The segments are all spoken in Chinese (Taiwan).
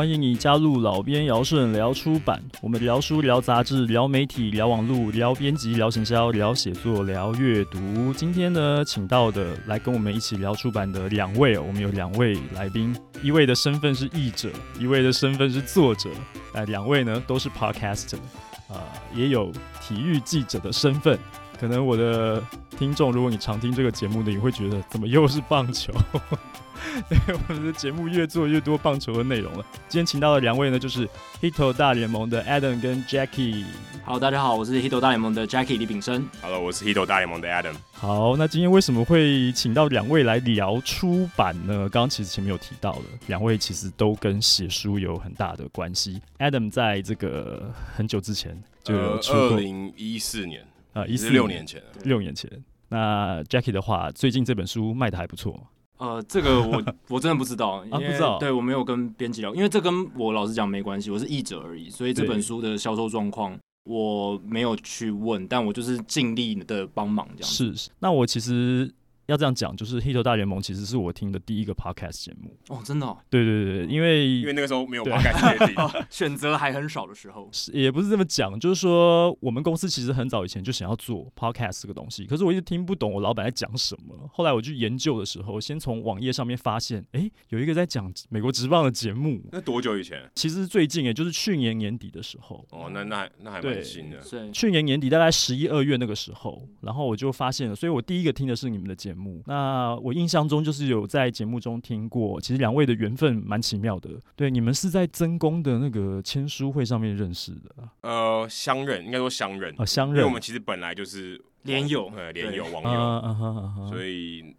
歡迎你加入老編垚順聊出版。我們聊書、聊雜誌、聊媒體、聊網絡、聊編輯、聊行銷、聊寫作、聊閱讀。今天呢，請到的來跟我們一起聊出版的兩位哦，我們有兩位來賓，一位的身份是譯者，一位的身份是作者。哎，兩位呢都是 podcaster，呃，也有體育記者的身份。可能我的聽眾，如果你常聽這個節目的，你會覺得怎麼又是棒球？ 我們的節目越做越多棒球的內容了。今天請到的兩位呢，就是 HITO 大聯盟的 Adam 跟 Jackie。Hello，大家好，我是 HITO 大聯盟的 Jackie 李秉生。Hello，我是 HITO 大聯盟的 Adam。好，那今天為什麼會請到兩位來聊出版呢？剛剛其實前面有提到了，兩位其實都跟寫書有很大的關係。Adam 在這個很久之前就出二零一四年啊，一四、呃、六年前，六年前。那 Jackie 的話，最近這本書賣得還不錯。呃，這個我我真的不知道，不知道。對，我沒有跟編輯聊，因為這跟我老實講沒關係，我是譯者而已，所以這本書的銷售狀況我沒有去問，對但我就是盡力的幫忙這樣子。是，那我其實。要這樣講，就是《HITO 大聯盟》其實是我聽的第一個 podcast 節目哦，真的，哦，對對對對，因為因為那個時候沒有 podcast< 對>， 選擇還很少的時候，是也不是這麼講，就是說我們公司其實很早以前就想要做 podcast 這個東西，可是我一直聽不懂我老板在講什麼。後來我去研究的時候，先從網頁上面發現，哎，欸，有一個在講《美國職棒》的節目，那多久以前？其實是最近耶，就是去年年底的時候哦，那那那還蠻新的，去年年底大概十一二月那個時候，然後我就發現了，所以我第一個聽的是你們的節目。那我印象中就是有在節目中聽過，其實兩位的緣分蠻奇妙的。對，你們是在曾公的那個簽書會上面認識的。呃，相認，應該說相認。哦、啊，相認，因為我們其實本來就是連友，呃、嗯，對連友網友。嗯、啊、所以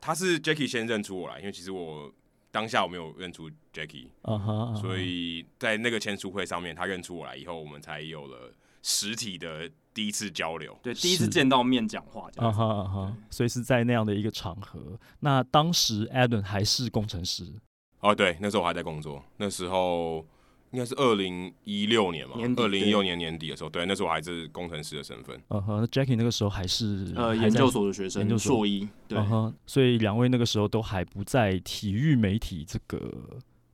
他是 Jacky 先認出我來，因為其實我當下我沒有認出 Jacky，啊啊、所以在那個簽書會上面，他認出我來以後，我們才有了。實體的第一次交流，對，第一次見到面講話這樣，哈哈，uh huh, uh、huh, 對所以是在那樣的一個場合。那當時 Adam 還是工程師，哦，對，那時候我還在工作，那時候應該是二零一六年吧，二零一六年年底的時候，對，對，那時候我還是工程師的身份，嗯哼、uh。Huh, Jacky 那個時候還是呃還在研究所的學生，研究所一，對，uh、huh, 所以兩位那個時候都還不在體育媒體這個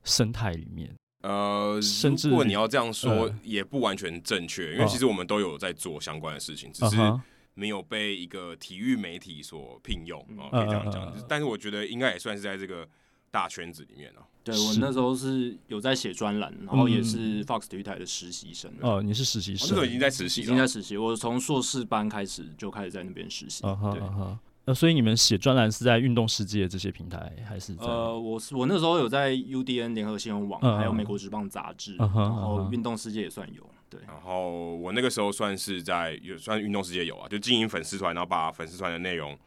生態裡面。呃，甚至如果你要這樣說，呃、也不完全正確，因為其實我們都有在做相關的事情，哦、只是沒有被一個體育媒體所聘用哦，嗯呃、可以這樣講。啊啊啊啊但是我覺得應該也算是在這個大圈子裡面了、啊。對我那時候是有在寫專欄，然後也是 Fox 體育台的實習生、嗯。哦，你是實習生，我、哦、已經在實習了。已經在實習。我從碩士班開始就開始在那邊實習。啊哈啊哈對。啊、所以你們寫專欄是在《運動世界》這些平台，還是在？呃，我是我那時候有在 UDN 聯合新聞網，嗯、還有《美國職棒》雜誌、嗯，然後《運動世界》也算有。對，然後我那個時候算是在，也算《運動世界》有啊，就經營粉絲團，然後把粉絲團的內容，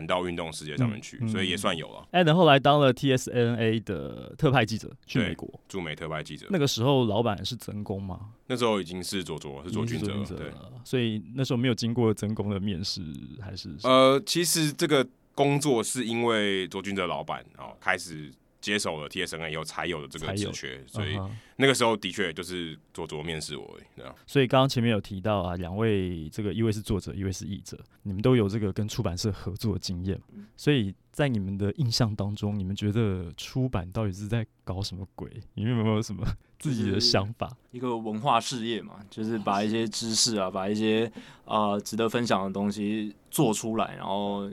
轉到運動世界上面去，嗯、所以也算有了。And、嗯嗯欸、後來當了 T S N A 的特派記者，去美國駐美特派記者。那個時候老闆是曾公嗎？那時候已經是卓卓，是卓君澤了。對，所以那時候沒有經過曾公的面試，還是呃，其實這個工作是因為卓君澤老闆哦開始。接手了 TSNA 以後才有的這個職權，所以那個時候的確就是做做面試我，所以剛剛前面有提到啊，兩位這個一位是作者，一位是譯者，你們都有這個跟出版社合作的經驗，所以在你們的印象當中，你們覺得出版到底是在搞什麼鬼？你們有沒有什麼自己的想法？一個文化事業嘛，就是把一些知識啊，把一些啊、呃、值得分享的東西做出來，然後。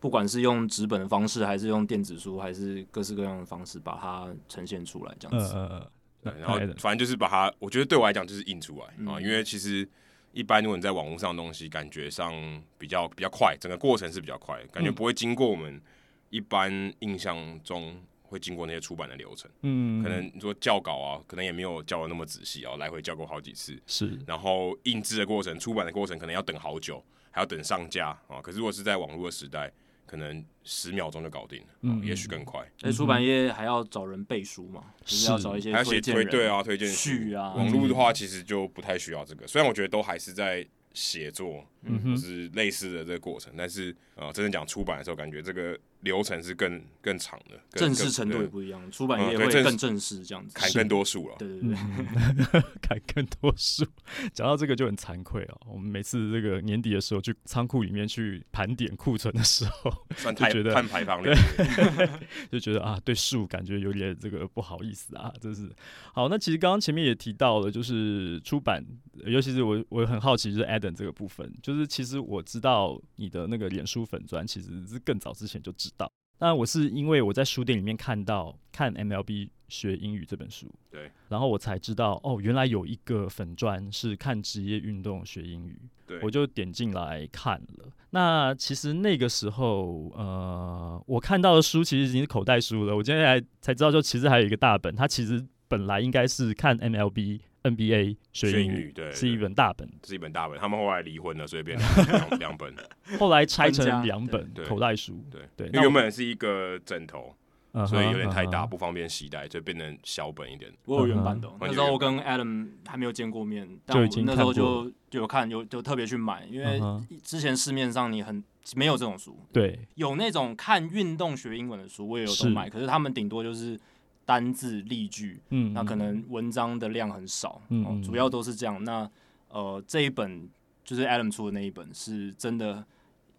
不管是用紙本的方式，還是用電子書，還是各式各樣的方式，把它呈現出來，這樣子對。然後反正就是把它，我覺得對我來講就是印出來啊，因為其實一般如果你在網絡上的東西，感覺上比較比較快，整個過程是比較快，感覺不會經過我們一般印象中會經過那些出版的流程。嗯。可能你說校稿啊，可能也沒有校得那麼仔細哦。來回校過好幾次。是。然後印製的過程、出版的過程，可能要等好久，還要等上架啊。可是如果是在網絡的時代，可能十秒鐘就搞定了，呃嗯、也許更快。哎，出版業還要找人背書嘛，嗯、是要找一些推薦人對啊，推薦序啊。網絡、嗯嗯、的話其實就不太需要這個，雖然我覺得都還是在寫作，就、嗯、是類似的這個過程，但是啊、呃，真正講出版的時候，感覺這個。流程是更更長的，正式程度也不一樣，嗯、出版業會、啊、更正式，這樣子砍更多樹了。對對對，對、嗯， 砍更多樹。講到這個就很慚愧啊、喔，我們每次這個年底的時候去倉庫裡面去盤點庫存的時候，算太就覺得碳排放量，就覺得啊，對樹感覺有點這個不好意思啊，真是。好，那其實剛剛前面也提到了，就是出版，尤其是我我很好奇，就是 Adam 這個部分，就是其實我知道你的那個臉書粉專其實是更早之前就知道。道，那我是因為我在書店裡面看到看 MLB 學英語這本書，對，然後我才知道哦，原來有一個粉專是看職業運動學英語，對，我就點進來看了。那其實那個時候，呃，我看到的書其實已經是口袋書了，我今天才才知道，就其實還有一個大本，它其實本來應該是看 MLB。NBA 學英語對，是一本大本，是一本大本。他們後來離婚了，所以變成兩兩本。後來拆成兩本口袋書，對對。因為原本是一個枕頭，所以有點太大，不方便攜帶，就變成小本一點。我有原版的，那時候我跟 Adam 還沒有見過面，但那時候就有看，有就特別去買，因為之前市面上你很沒有這種書，對，有那種看運動學英文的書，我也有都買，可是他們頂多就是。單字例句，那可能文章的量很少，主要都是這樣。那呃，這一本就是 Adam 出的那一本，是真的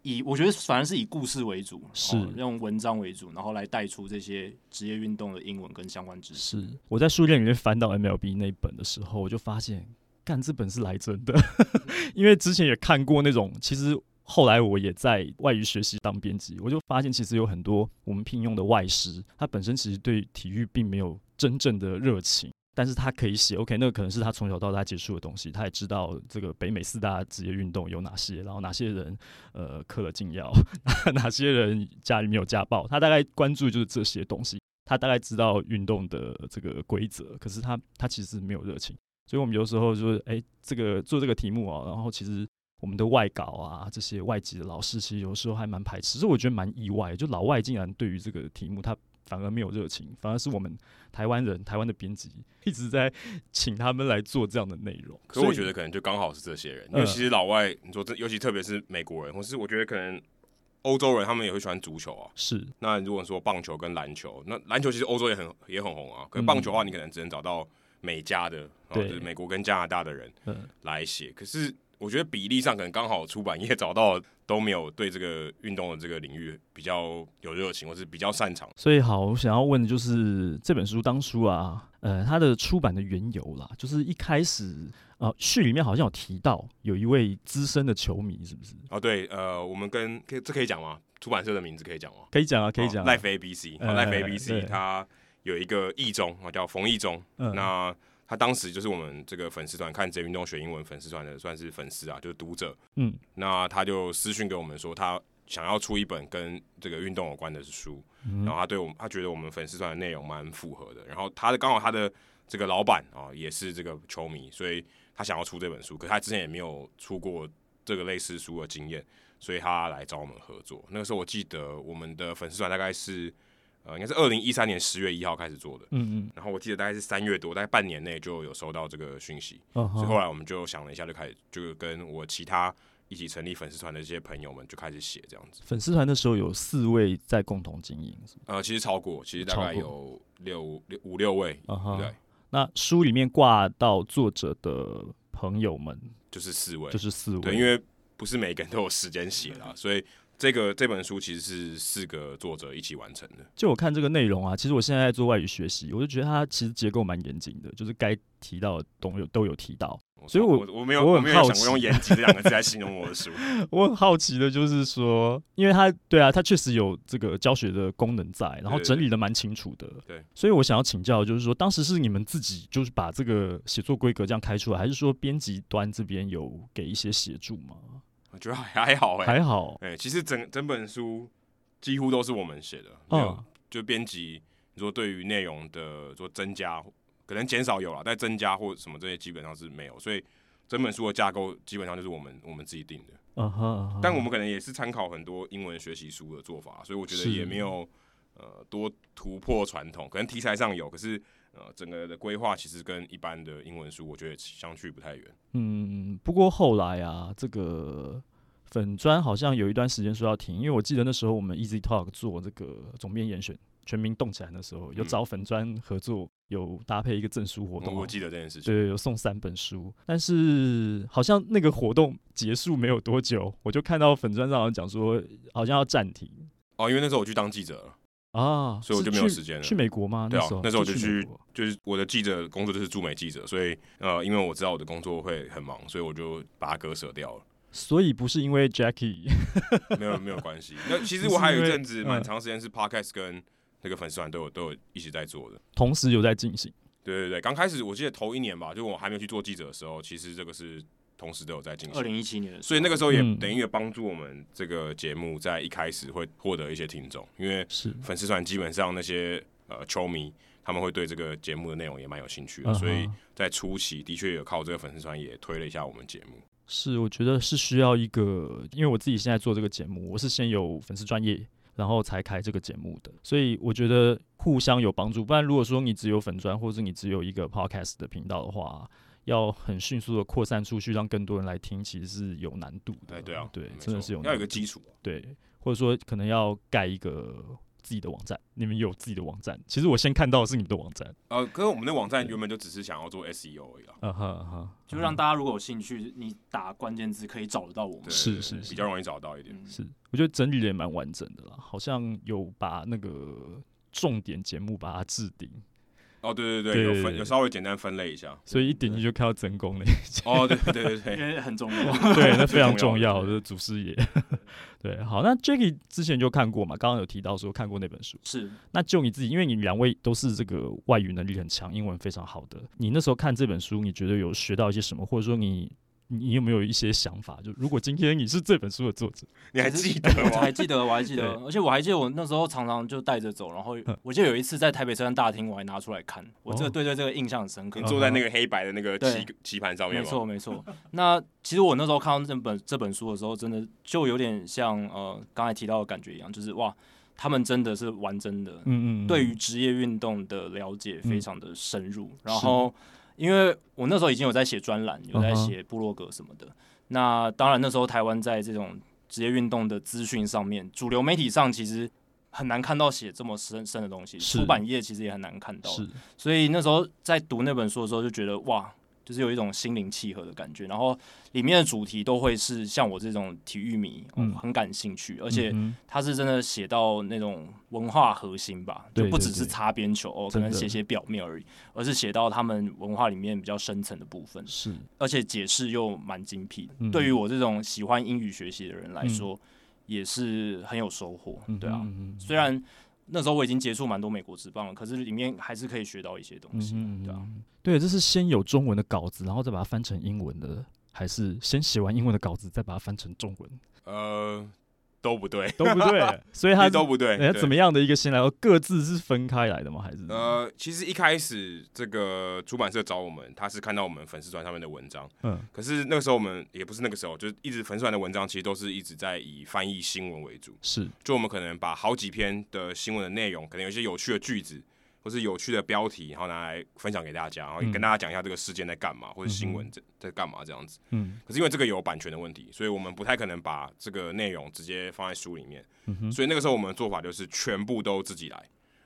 以我覺得反而是以故事為主，是、哦、用文章為主，然後來帶出這些職業運動的英文跟相關知識。我在書店裡面翻到 MLB 那一本的時候，我就發現，幹這本是來真的， 因為之前也看過那種，其實。後來我也在外語學習當編輯，我就發現其實有很多我們聘用的外師，他本身其實對體育並沒有真正的熱情，但是他可以寫 OK，那個可能是他從小到大接觸的東西，他也知道這個北美四大職業運動有哪些，然後哪些人呃嗑了禁藥， 哪些人家裡沒有家暴，他大概關注就是這些東西，他大概知道運動的這個規則，可是他他其實沒有熱情，所以我們有時候就是哎、欸、這個做這個題目啊，然後其實。我們的外稿啊，這些外籍的老師其實有時候還蠻排斥，其實我覺得蠻意外，就老外竟然對於這個題目他反而沒有熱情，反而是我們台灣人、台灣的編輯一直在請他們來做這樣的內容。所以我覺得可能就剛好是這些人，因為以其實老外、嗯、你說這尤其特別是美國人，或是我覺得可能歐洲人他們也會喜歡足球啊。是。那如果說棒球跟籃球，那籃球其實歐洲也很也很紅啊。可是棒球的話，你可能只能找到美加的，嗯、就是美國跟加拿大的人來寫。嗯、可是。我覺得比例上可能剛好，出版業找到都沒有對這個運動的這個領域比較有熱情，或是比較擅長。所以好，我想要問的就是這本書當初啊，呃，它的出版的緣由啦，就是一開始啊、呃，序裡面好像有提到有一位資深的球迷是不是？哦，對，呃，我們跟可以這可以講嗎？出版社的名字可以講嗎？可以講啊，可以講，啊。Oh, Life ABC，Life ABC，它有一個譯中，我叫馮譯中，嗯、那。他當時就是我們這個粉絲團看職業運動學英文粉絲團的，算是粉絲啊，就是讀者。嗯，那他就私訊給我們說，他想要出一本跟這個運動有關的書，嗯，然後他對我們，他覺得我們粉絲團的內容蠻符合的。然後他的剛好他的這個老闆啊，也是這個球迷，所以他想要出這本書，可是他之前也沒有出過這個類似書的經驗，所以他來找我們合作。那個時候我記得我們的粉絲團大概是。應該是二零一三年十月一號開始做的，嗯嗯，然後我記得大概是三月多，大概半年內就有收到這個訊息，嗯哼，所以後來我們就想了一下，就開始就跟我其他一起成立粉絲團的這些朋友們就開始寫這樣子。粉絲團的時候有四位在共同經營，呃，其實超過，其實大概有六、六、五六位，嗯哼，對。那書裡面掛到作者的朋友們就是四位，就是四位，對，因為不是每個人都有時間寫了，對對對，所以。這個這本書其實是四個作者一起完成的。就我看這個內容啊，其實我現在在做外語學習，我就覺得它其實結構蠻嚴謹的，就是該提到的東西都有提到。所以我我，我沒有，我很好奇，我用嚴謹這兩個字來形容我的書。 我很好奇的就是說，因為它對啊，它確實有這個教學的功能在，然後整理得蠻清楚的。對，對，所以我想要請教的，就是說當時是你們自己就是把這個寫作規格這樣開出來，還是說編輯端這邊有給一些協助嗎？我覺得還好、欸，還好，哎、欸，其實整整本書幾乎都是我們寫的，沒有、啊、就編輯，你說對於內容的說增加，可能減少有了，但增加或什麼這些基本上是沒有，所以整本書的架構基本上就是我們我們自己定的，啊哈啊哈但我們可能也是參考很多英文學習書的做法，所以我覺得也沒有是呃多突破傳統，可能題材上有，可是。呃，整個的規劃其實跟一般的英文書，我覺得相去不太遠。嗯，不過後來啊，這個粉專好像有一段時間說要停，因為我記得那時候我們 EZ Talk 做這個總編嚴選，全民動起來的時候，有找粉專合作，嗯、有搭配一個贈書活動，嗯、我記得這件事情，對，有送三本書。但是好像那個活動結束沒有多久，我就看到粉專上好像講說，好像要暫停。哦，因為那時候我去當記者了。啊，所以我就是去沒有時間了。去美國嗎？那時候對、啊、那時候我就去，就去，就是我的記者工作就是駐美記者，所以呃，因為我知道我的工作會很忙，所以我就把它割舍掉了。所以不是因為 Jacky， 沒有沒有關係。那 其實我還有一陣子蠻長時間是 Podcast 跟那個粉絲團都有都有一直在做的，同時有在進行。對對對，剛開始我記得頭一年吧，就我還沒有去做記者的時候，其實這個是。同時都有在進行。二零一七年，所以那個時候也等於也幫助我們這個節目在一開始會獲得一些聽眾，因為是粉絲團基本上那些呃球是迷他們會對這個節目的內容也蠻有興趣的，所以在初期的確有靠這個粉絲團也推了一下我們節目。是，我覺得是需要一個，因為我自己現在做這個節目，我是先有粉絲專頁，然後才開這個節目的，所以我覺得互相有幫助。不然如果說你只有粉專，或者你只有一個 podcast 的頻道的話。要很迅速的擴散出去，讓更多人來聽，其實是有難度的。欸、對啊，對，錯真的是有，要有個基礎，啊。對，或者說可能要蓋一個自己的網站。你們有自己的網站？其實我先看到的是你們的網站。呃，可是我們的網站原本就只是想要做 SEO 而已對啊。啊哈哈，啊、就讓大家如果有興趣，嗯、你打關鍵字可以找得到我們，對對對是，是是，比較容易找得到一點。嗯、是，我覺得整理的也蠻完整的啦，好像有把那個重點節目把它置頂。哦對對對，對，對對對，有分有稍微簡單分類一下，所以一點就看到整功了。哦，對對對對， 因為很重要。 對，那非常重要，重要的祖師爺。 對，好，那 Jacky 之前就看過嘛，剛剛有提到說看過那本書。是，那就你自己，因為你兩位都是這個外語能力很強，英文非常好的。你那時候看這本書，你覺得有學到一些什麼，或者說你？你有沒有一些想法？就如果今天你是這本書的作者，你還記得？ 我還記得，我還記得，對而且我還記得，我那時候常常就帶着走。然後我記得有一次在台北車站大廳，我還拿出來看。我這個對對，這個印象很深刻。哦、你坐在那個黑白的那個棋，對棋盤上面嗎？沒錯沒錯。那其實我那時候看到這本這本書的時候，真的就有點像呃剛才提到的感覺一樣，就是哇，他們真的是玩真的。嗯，嗯嗯。對於職業運動的了解非常的深入，嗯嗯然後。因為我那時候已經有在寫專欄，有在寫部落格什麼的。Uh huh. 那當然那時候台灣在這種職業運動的資訊上面，主流媒體上其實很難看到寫這麼深深的東西，是出版業其實也很難看到的。是所以那時候在讀那本書的時候，就覺得哇。就是有一種心靈契合的感覺，然後裡面的主題都會是像我這種體育迷，嗯嗯、很感興趣，而且他是真的寫到那種文化核心吧，就不只是擦邊球哦，對對對，可能寫寫表面而已，的而是寫到他們文化裡面比較深層的部分，是，而且解釋又蠻精闢，嗯、對於我這種喜歡英語學習的人來說，嗯、也是很有收穫，對啊，嗯嗯嗯雖然。那時候我已經接觸蠻多美國職棒了，可是裡面還是可以學到一些東西，對、嗯、對，這是先有中文的稿子，然後再把它翻成英文的，還是先寫完英文的稿子，再把它翻成中文？呃。都不對，都不對， 所以他是都不對，對。欸、怎麼樣的一個新來？各自是分開來的嗎？還是？呃，其實一開始這個出版社找我們，他是看到我們粉絲團上面的文章，嗯，可是那個時候我們也不是那個時候，就一直粉絲團的文章，其實都是一直在以翻譯新聞為主，是，就我們可能把好幾篇的新聞的內容，可能有一些有趣的句子。或是有趣的標題，然後拿來分享給大家，然後也跟大家講一下這個事件在幹嘛，嗯、或者新聞在在幹嘛這樣子。嗯，可是因為這個有版權的問題，所以我們不太可能把這個內容直接放在書裡面。嗯哼。所以那個時候我們的做法就是全部都自己來。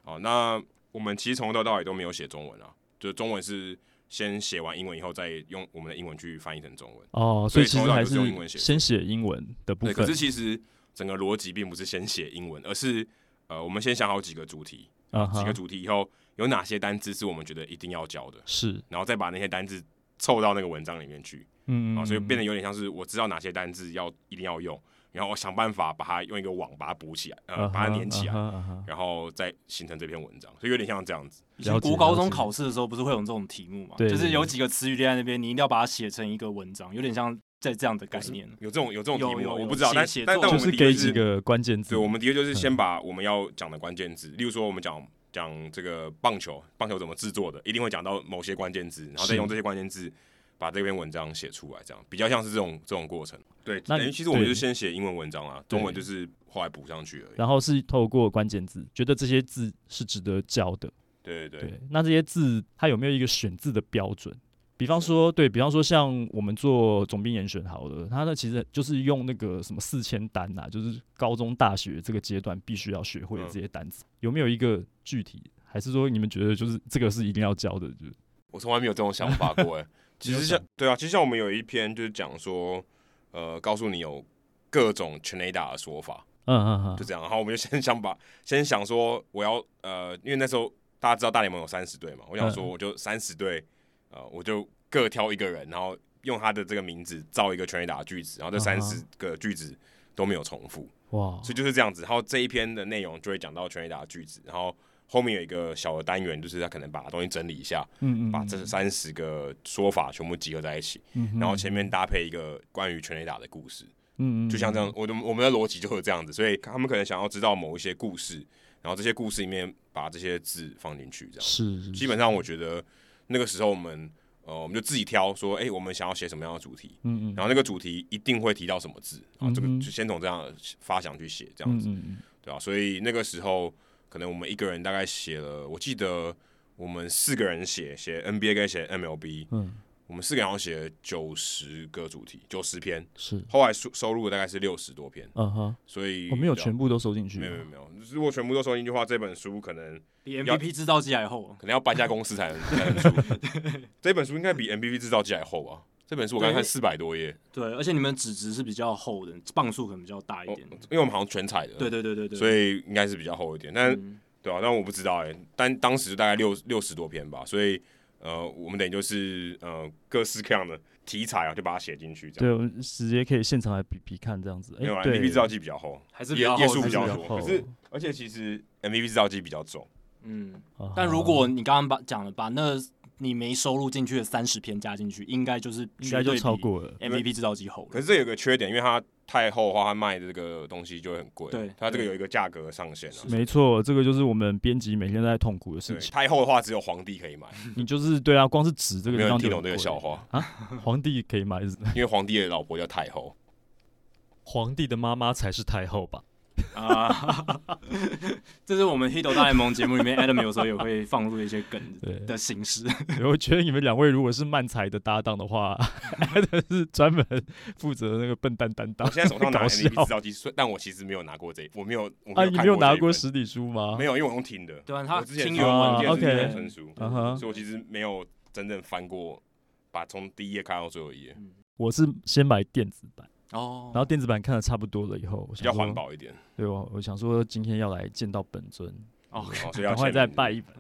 哦、呃，那我們其實從頭到尾都沒有寫中文啊，就是中文是先寫完英文以後，再用我們的英文去翻譯成中文。哦，所以其實還是用英文寫，先寫英文的部分對。可是其實整個邏輯並不是先寫英文，而是呃，我們先想好幾個主題。啊，uh huh. 幾個主題以後有哪些單字是我們覺得一定要教的？是，然後再把那些單字湊到那個文章裡面去。嗯啊，所以變得有點像是我知道哪些單字要一定要用，然後我想辦法把它用一個網把它補起來，uh huh. 呃，uh huh. 把它連起來，uh huh. uh huh. 然後再形成這篇文章。所以有點像這樣子。就國高中考試的時候不是會有這種題目嘛？對、嗯。就是有幾個詞語列在那邊，你一定要把它寫成一個文章，有點像。在這樣的概念，有這種有這種題目？有有，有我不知道，但寫作 但但我們是給幾個關鍵字，對，我們第一個就是先把我們要講的關鍵字，嗯、例如說我們講講這個棒球，棒球怎麼製作的，一定會講到某些關鍵字，然後再用這些關鍵字把這篇文章寫出來，這樣比較像是這種這種過程。對，那你 其實我們就是先寫英文文章啊，中文就是後來補上去而已。然後是透過關鍵字，覺得這些字是值得教的。對對對，那這些字它有沒有一個選字的標準？比方說，對，比方說，像我們做總編嚴選，好的，他呢其實就是用那個什麼四千單吶、啊，就是高中、大學這個階段必須要學會的這些單詞，有沒有一個具體？還是說你們覺得就是這個是一定要教的？就我從來沒有這種想法過、欸、 其實像對啊，其實像我們有一篇就是講說，呃，告訴你有各種全壘打的說法，嗯嗯嗯，就這樣。然後我們就先想把先想說我要呃，因為那時候大家知道大聯盟有三十隊嘛，我想說我就三十隊。呃，我就各挑一個人，然後用他的這個名字造一個全壘打的句子，然後這三十個句子都沒有重複，哇、uh！Huh. Wow. 所以就是這樣子。然後這一篇的內容就會講到全壘打的句子，然後後面有一個小的單元，就是他可能把東西整理一下，嗯、mm hmm. 把這三十個說法全部集合在一起，mm hmm. 然後前面搭配一個關於全壘打的故事，嗯、mm hmm. 就像這樣，我的我們的邏輯就是這樣子，所以他們可能想要知道某一些故事，然後這些故事裡面把這些字放進去，這樣是，是，基本上我覺得。那個時候我們呃我們就自己挑說，哎、欸，我們想要寫什麼樣的主題，嗯嗯，然後那個主題一定會提到什麼字，嗯嗯，然後這個就先從這樣的發想去寫，這樣子，嗯嗯，對啊，所以那個時候可能我們一個人大概寫了，我記得我們四個人寫寫 NBA 跟寫 MLB，嗯。我們四個人要寫九十個主題，九十篇，是後來收收入的大概是六十多篇，uh huh、所以我、哦、沒有全部都收進去，沒有沒有沒有，如果全部都收進去的話，這本書可能比 MVP 製造機還厚，啊，可能要搬家公司才能才能出。 對對對，這本書應該比 MVP 製造機還厚吧？這本書我剛剛看四百多頁，對，而且你們紙質是比較厚的，磅數可能比較大一點，哦，因為我們好像全彩的，對，對對對對對，所以應該是比較厚一點，但、嗯、對啊，但我不知道哎、欸，但當時就大概六六十多篇吧，所以。呃，我們等於就是呃，各式各樣的題材啊，就把它寫進去，這樣對，我們直接可以現場來比比看，這樣子。欸、因為 MVP 製造機比較厚，對，還是頁數比較多。還是比較可是，而且其實 MVP 製造機比較重。嗯，但如果你剛剛把講了，把那個。你沒收錄進去的三十篇加進去，應該就是比應該就超過了 MVP 製造機厚。可是這有一個缺點，因為它太厚的話，它賣這個東西就很貴。對，它這個有一個價格上限了。沒錯，這個就是我們編輯每天都在痛苦的事情。太後的話，只有皇帝可以買。 你就是對啊，光是紙這個這沒有人聽懂這個笑話啊！皇帝可以買， 因為皇帝的老婆叫太後，皇帝的媽媽才是太后吧？啊， uh, 這是我們《HITO 大聯盟》節目裡面 Adam 有時候也會放入一些梗的形式。我覺得你們兩位如果是漫才的搭檔的話， Adam 是專門負責那個笨蛋擔當。我現在手上拿的那本《MVP 製造機 》，但我其實沒有拿過這，一。我沒有，沒有啊，你沒有拿過實體書嗎？沒有，因為我用聽的。對他啊，我之前有買，OK。純書，okay, 所以我其實沒有真正翻過，把從第一頁看到最後一頁，嗯。我是先買電子版。哦，然後電子版看得差不多了以後，比較環保一點。對，我我想說今天要來見到本尊哦，趕快再拜一本，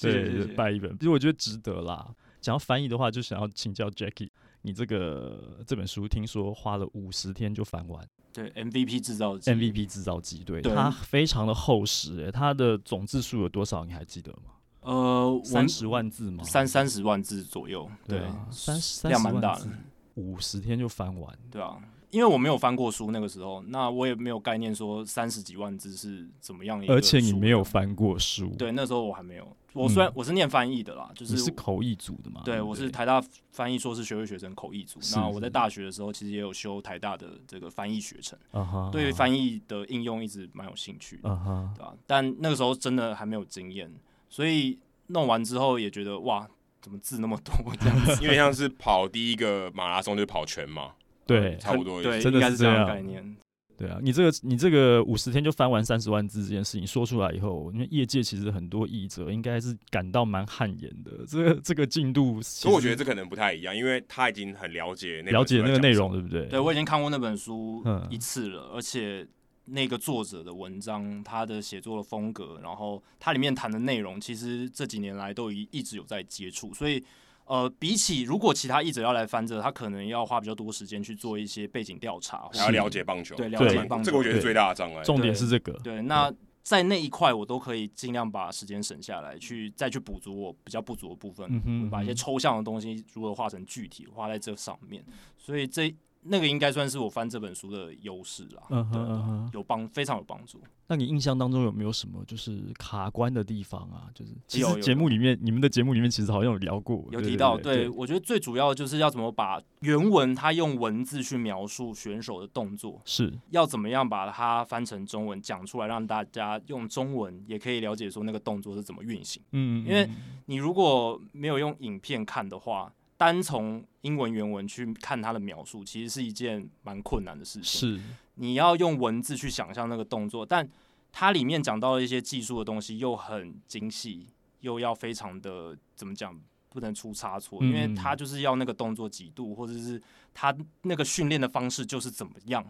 對，拜一本，其實我覺得值得啦。想要翻譯的話，就想要請教 Jackie，你這個這本書聽說花了五十天就翻完，對，MVP 製造機，MVP 製造機，對，它非常的厚實，它的總字數有多少？你還記得嗎？呃，三十萬字嗎？三三十萬字左右，對，三十，三十萬字，量蠻大的。五十天就翻完，對啊，因為我沒有翻過書，那個時候，那我也沒有概念說三十幾萬字是怎麼樣一個的。而且你沒有翻過書，對，那時候我還沒有。我雖然我是念翻譯的啦，嗯、就是、你是口譯組的嘛。對，對我是台大翻譯碩士學位學生，口譯組。是是，那我在大學的時候其實也有修台大的這個翻譯學程，啊、哈對於翻譯的應用一直蠻有興趣的，啊、哈對吧、啊？但那個時候真的還沒有經驗，所以弄完之後也覺得哇。怎麼字那麼多這樣子， 因為像是跑第一個馬拉松就跑全嘛、 嗯，對，差不多對，應該是這樣的概念的。對啊，你這個你這個五十天就翻完三十萬字這件事情說出來以後，因為業界其實很多譯者應該是感到蠻汗顏的，這個這個進度。所以我覺得這可能不太一樣，因為他已經很了解那本書，了解那個內容，對不對？對，對我已經看過那本書一次了，嗯、而且。那個作者的文章，他的寫作的風格，然後他裡面談的內容，其實這幾年來都一一直有在接觸，所以，呃，比起如果其他譯者要來翻這，他可能要花比較多時間去做一些背景調查，要了解棒球，對，對了解棒球，這個我覺得是最大的障礙。對對重點是這個，對。那在那一塊，我都可以儘量把時間省下來，去再去補足我比較不足的部分，嗯哼嗯哼，把一些抽象的東西如何化成具體，畫在這上面。所以這。那個應該算是我翻這本書的優勢啦，嗯哼，有幫，非常有幫助。那你印象當中有沒有什麼就是卡關的地方啊？就是其實節目裡面，有有有有你們的節目裡面其實好像有聊過，有提到。對，對，對，對對，我覺得最主要就是要怎麼把原文它用文字去描述選手的動作，是要怎麼樣把它翻成中文講出來，讓大家用中文也可以了解說那個動作是怎麼運行。嗯，嗯，因為你如果沒有用影片看的話，單從英文原文去看它的描述，其實是一件蠻困難的事情。是，你要用文字去想象那個動作，但它裡面講到一些技術的東西，又很精細，又要非常的怎麼講，不能出差錯，因為它就是要那個動作幾度，或者是它那個訓練的方式就是怎麼樣。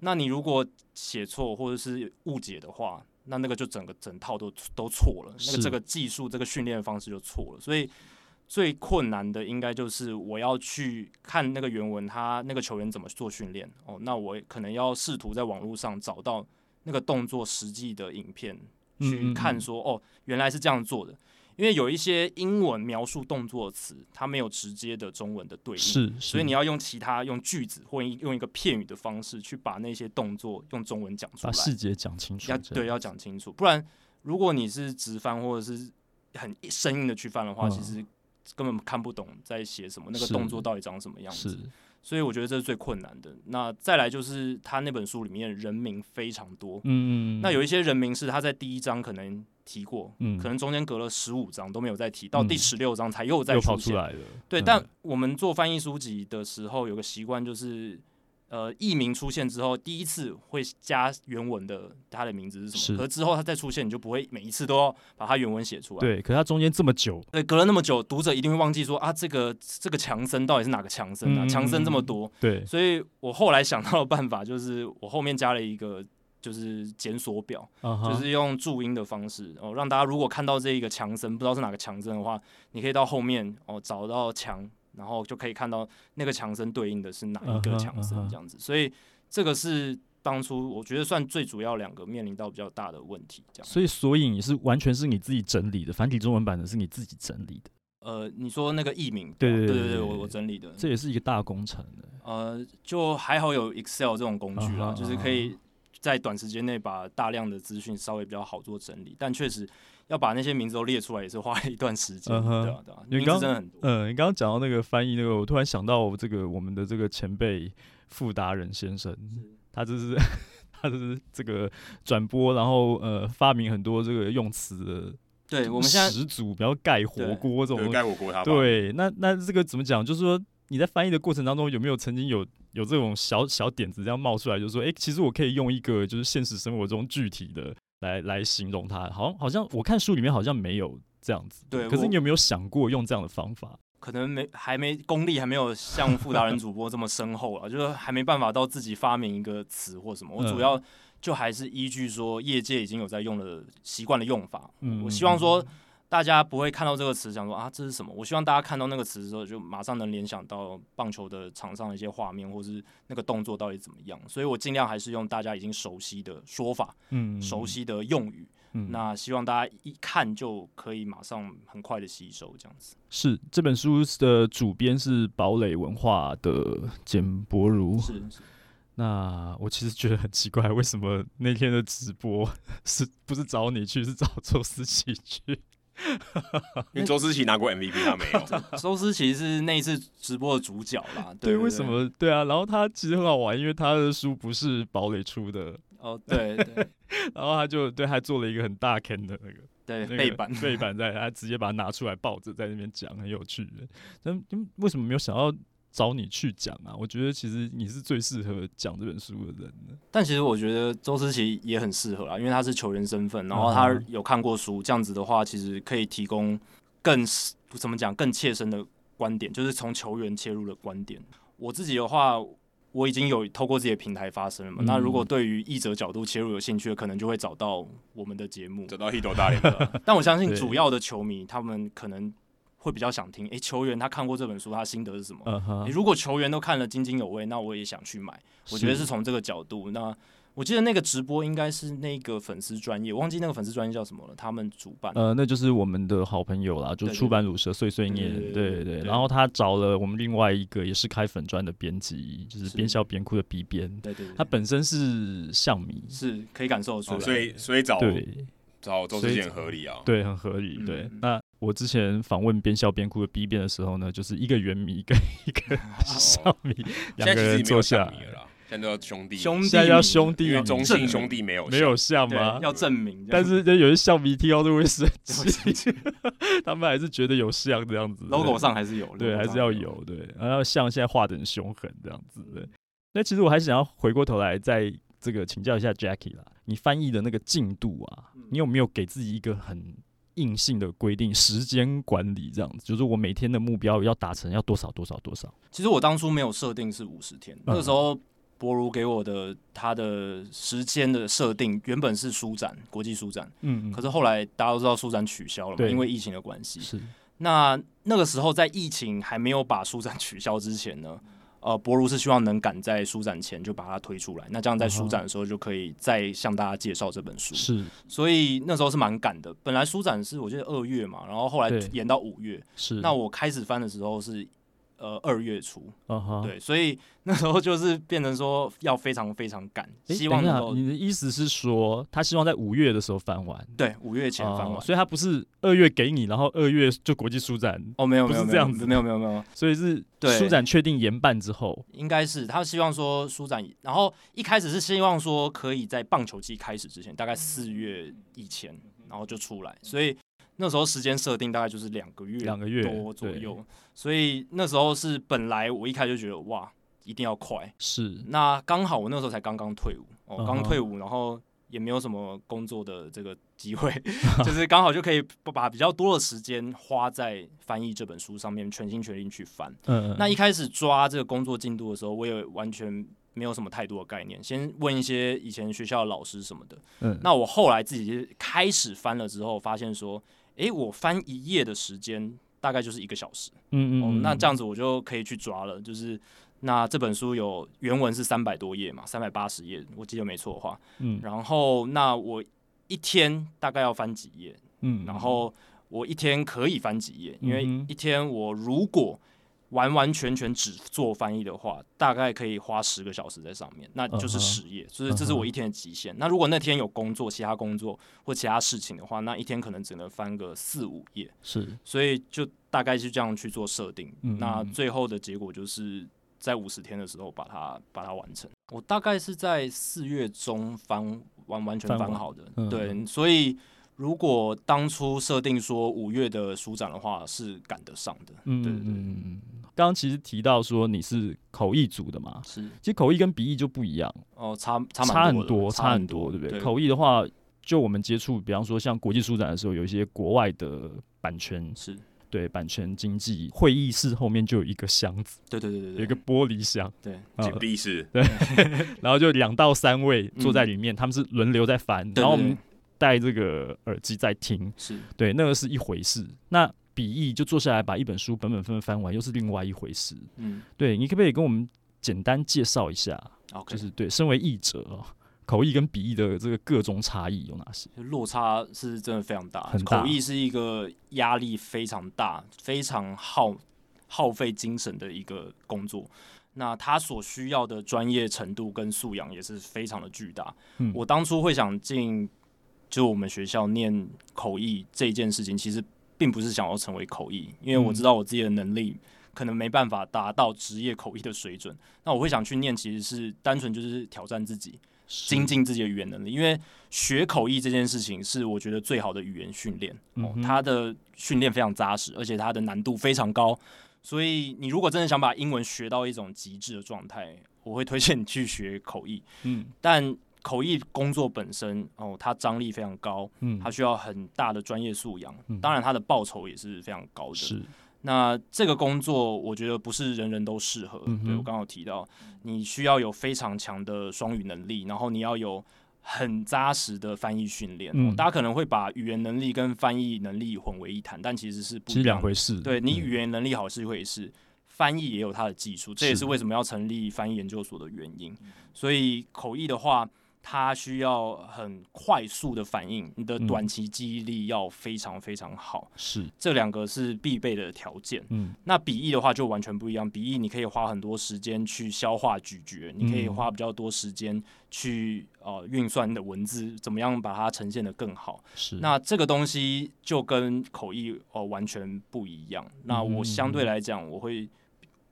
那你如果寫錯或者是誤解的話，那那個就整個整套都都錯了。那個這個技術這個訓練的方式就錯了，所以。最困難的應該就是我要去看那個原文，他那個球員怎麼做訓練哦？那我可能要試圖在網絡上找到那個動作實際的影片，嗯、去看說，說、嗯、哦，原來是這樣做的。因為有一些英文描述動作詞，它沒有直接的中文的對應，是，是，所以你要用其他用句子或一用一個片語的方式去把那些動作用中文講出來，把細節講清楚。要對，要講清楚，不然如果你是直翻或者是很生硬的去翻的話，其實、嗯。根本看不懂在寫什麼，那個動作到底長什麼樣子？是，所以我覺得這是最困難的。那再來就是他那本書裡面人名非常多，嗯那有一些人名是他在第一章可能提過，嗯，可能中間隔了十五章都沒有再提到，第十六章才又再提出來的。對，嗯，但我們做翻譯書籍的時候有個習慣就是。呃，譯名出現之後，第一次會加原文的他的名字是什麼？而是之後他再出現，你就不會每一次都要把他原文寫出來。對。可是他中間這麼久，對，隔了那麼久，讀者一定會忘記說啊，這個這個強森到底是哪個強森啊？強森、嗯、這麼多，對。所以我後來想到的辦法就是，我後面加了一個就是檢索表，uh huh、就是用注音的方式哦，讓大家如果看到這一個強森不知道是哪個強森的話，你可以到後面哦找到強。然後就可以看到那個強生對應的是哪一個強生這樣子，所以這個是當初我覺得算最主要兩個面臨到比較大的問題這樣。所以索引是完全是你自己整理的，繁體中文版的是你自己整理的。呃，你說那個譯名，對對對對對，我我整理的，這也是一個大工程的。呃，就還好有 Excel 這種工具啦、啊，就是可以在短時間內把大量的資訊稍微比較好做整理，但確實。要把那些名字都列出來，也是花了一段時間，uh huh，對吧？你名字真的很多。嗯，你剛剛講到那個翻譯那個，我突然想到這個我們的這個前輩傅達仁先生，是他就是他就是這個轉播，然後呃發明很多這個用詞的。對，我們現在始祖，不要蓋火鍋這種對，對。那那這個怎麼講？就是說你在翻譯的過程當中，有沒有曾經有有這種小小點子這樣冒出來？就是說，哎、欸，其實我可以用一個就是現實生活中具體的。來來形容他，好像好像我看書裡面好像沒有這樣子。對，可是你有沒有想過用這樣的方法？可能沒還沒功力，還沒有像傅達仁主播這麼深厚啊， 就是還沒辦法到自己發明一個詞或什麼。我主要就還是依據說業界已經有在用的習慣的用法。嗯，我希望說。大家不會看到這個詞，想說啊，這是什麼？我希望大家看到那個詞的時候，就馬上能聯想到棒球的場上的一些畫面，或是那個動作到底怎麼樣。所以我儘量還是用大家已經熟悉的說法，嗯，熟悉的用語。嗯、那希望大家一看就可以馬上很快的吸收，這樣子。是這本書的主編是堡壘文化的簡博如。是。是，那我其實覺得很奇怪，為什麼那天的直播是不是找你去，是找周思齊去？ 因為周思齊拿過 MVP，他沒有。 周思齊是那一次直播的主角啦。對，對，對，對，為什麼？對啊，然後他其實很好玩，因為他的書不是堡壘出的。哦、oh，對對。 然後他就對他做了一個很大坑的那個，對，那個、背板背板在，他直接把它拿出來抱着在那邊講，很有趣的。那為什麼沒有想到？找你去講啊！我覺得其實你是最適合講這本書的人了。但其實我覺得周思齊也很適合啦，因為他是球員身份，然後他有看過書，嗯、這樣子的話，其實可以提供更怎麼講，更切身的觀點，就是從球員切入的觀點。我自己的話，我已經有透過自己的平台發聲了嘛。嗯、那如果對於譯者角度切入有興趣的，可能就會找到我們的節目，找到 HITO 大聯盟 但我相信主要的球迷，他們可能、會比較想聽誒、欸，球員他看過這本書，他心得是什麼？你、uh huh. 欸、如果球員都看得津津有味，那我也想去買。我覺得是從這個角度。是那我記得那個直播應該是那個粉絲專業，忘記那個粉絲專業叫什麼了。他們主辦，呃，那就是我們的好朋友啦，就出版魯蛇碎碎念，對，對對。對對對，然後他找了我們另外一個也是開粉專的編輯，就是邊笑邊哭的 B 編，對對，對。他本身是象迷，對對對，是可以感受得出來，哦、所以所以找對咧找周思齊，合理啊，對，很合理，對。嗯、對那我之前訪問邊笑邊哭的 B 邊的時候呢，就是一個圓迷跟一個笑迷，兩、啊、個人坐下，現在，現在要兄弟，兄弟現在叫兄弟，中信兄弟沒有沒有像嗎？要證明，但是這有些笑鼻涕，都會生氣，他們還是覺得有像這樣子，logo 上還是有，對，還是要有對，然後像現在畫得很凶狠這樣子。對嗯、那其實我還是想要回過頭來，再這個請教一下 Jacky 啦，你翻譯的那個進度啊，你有沒有給自己一個很。硬性的規定，時間管理這樣子，就是我每天的目標要達成要多少多少多少。其實我當初沒有設定是五十天，嗯、那個時候博儒給我的他的時間的設定原本是書展，國際書展，嗯嗯，可是後來大家都知道書展取消了嘛，對因為疫情的關係。是那那個時候在疫情還沒有把書展取消之前呢，呃，博如是希望能趕在書展前就把它推出來，那這樣在書展的時候就可以再向大家介紹這本書。是、uh-huh. 所以那時候是蠻趕的。本來書展是我記得二月嘛，然後後來延到五月。是對，那我開始翻的時候是。呃，二月初，uh huh. 對，所以那時候就是變成說要非常非常趕，欸，希望能夠，等一下，你的意思是說他希望在五月的時候翻完，對，五月前翻完，哦，所以他不是二月給你，然後二月就國際書展，哦，沒有，不是這樣子，沒有，沒有，沒有，所以是對，書展確定延辦之後，應該是他希望說書展，然後一開始是希望說可以在棒球季開始之前，大概四月以前，然後就出來，所以。那時候時間設定大概就是兩個月，兩個月多左右，對所以那時候是本來我一開始就覺得哇，一定要快。是。那剛好我那時候才剛剛退伍，哦，剛、哦、退伍，然後也沒有什麼工作的這個機會， 就是剛好就可以把比較多的時間花在翻譯這本書上面，全心全意去翻。嗯嗯，那一開始抓這個工作進度的時候，我也完全沒有什麼太多的概念，先問一些以前學校的老師什麼的。嗯、那我後來自己開始翻了之後，發現說。哎、欸，我翻一頁的時間大概就是一個小時。嗯，嗯，嗯，嗯、哦、那這樣子我就可以去抓了。就是那這本書有原文是三百多頁嘛，三百八十頁，我記得沒錯的話。嗯，然後那我一天大概要翻幾頁？嗯，嗯，嗯，嗯，然後我一天可以翻幾頁？因為一天我如果完完全全只做翻譯的話，大概可以花十個小時在上面，那就是十頁，uh huh. 所以這是我一天的極限。Uh huh. 那如果那天有工作、其他工作或其他事情的話，那一天可能只能翻個四五頁。是，所以就大概是這樣去做設定。嗯、那最後的結果就是在五十天的時候把它把它完成。我大概是在四月中翻完完全翻好的，uh huh. 對。所以如果當初設定說五月的書展的話，是趕得上的。嗯、對對對。嗯剛剛其實提到說你是口譯組的嘛？是，其實口譯跟筆譯就不一樣哦，差差很多，差很多，對不對？口譯的話，就我們接觸，比方說像國際書展的時候，有一些國外的版權，是對版權經紀會議室後面就有一個箱子，對對對有一個玻璃箱，對，緊閉式，對，然後就兩到三位坐在裡面，他們是輪流在翻，然後我們戴這個耳機在聽，是對，那個是一回事。那筆譯就坐下來把一本書本本分分翻完，又是另外一回事。嗯，對，你可不可以跟我們簡單介紹一下，Okay 就是對，身為譯者，口譯跟筆譯的這個各種差異有哪些？落差是真的非常大，很大。口譯是一個壓力非常大、非常耗耗費精神的一個工作。那他所需要的專業程度跟素養也是非常的巨大。嗯，我當初會想進就我們學校念口譯這件事情，其實。並不是想要成為口譯，因為我知道我自己的能力可能沒辦法達到職業口譯的水準。嗯、那我會想去念，其實是單純就是挑戰自己，是精進自己的語言能力。因為學口譯這件事情是我覺得最好的語言訓練、嗯哼哦，它的訓練非常扎實，而且它的難度非常高。所以你如果真的想把英文學到一種極致的狀態，我會推薦你去學口譯。嗯，但。口譯工作本身哦，它張力非常高，嗯，它需要很大的專業素養，嗯、當然它的報酬也是非常高的。是，那這個工作我覺得不是人人都適合。嗯、哼對，我剛剛提到，你需要有非常強的雙語能力，然後你要有很扎實的翻譯訓練。嗯哦、大家可能會把語言能力跟翻譯能力混為一談，但其實是不是兩回事。對，你語言能力好是一回事，嗯、翻譯也有它的技術，這也是為什麼要成立翻譯研究所的原因。是所以口譯的話。它需要很快速的反應，你的短期記憶力要非常非常好，嗯、是這兩個是必備的條件。嗯、那筆譯的話就完全不一樣，筆譯你可以花很多時間去消化咀嚼，嗯、你可以花比較多時間去呃運算你的文字，怎麼樣把它呈現得更好？是那這個東西就跟口譯哦、呃、完全不一樣。那我相對來講，嗯、我會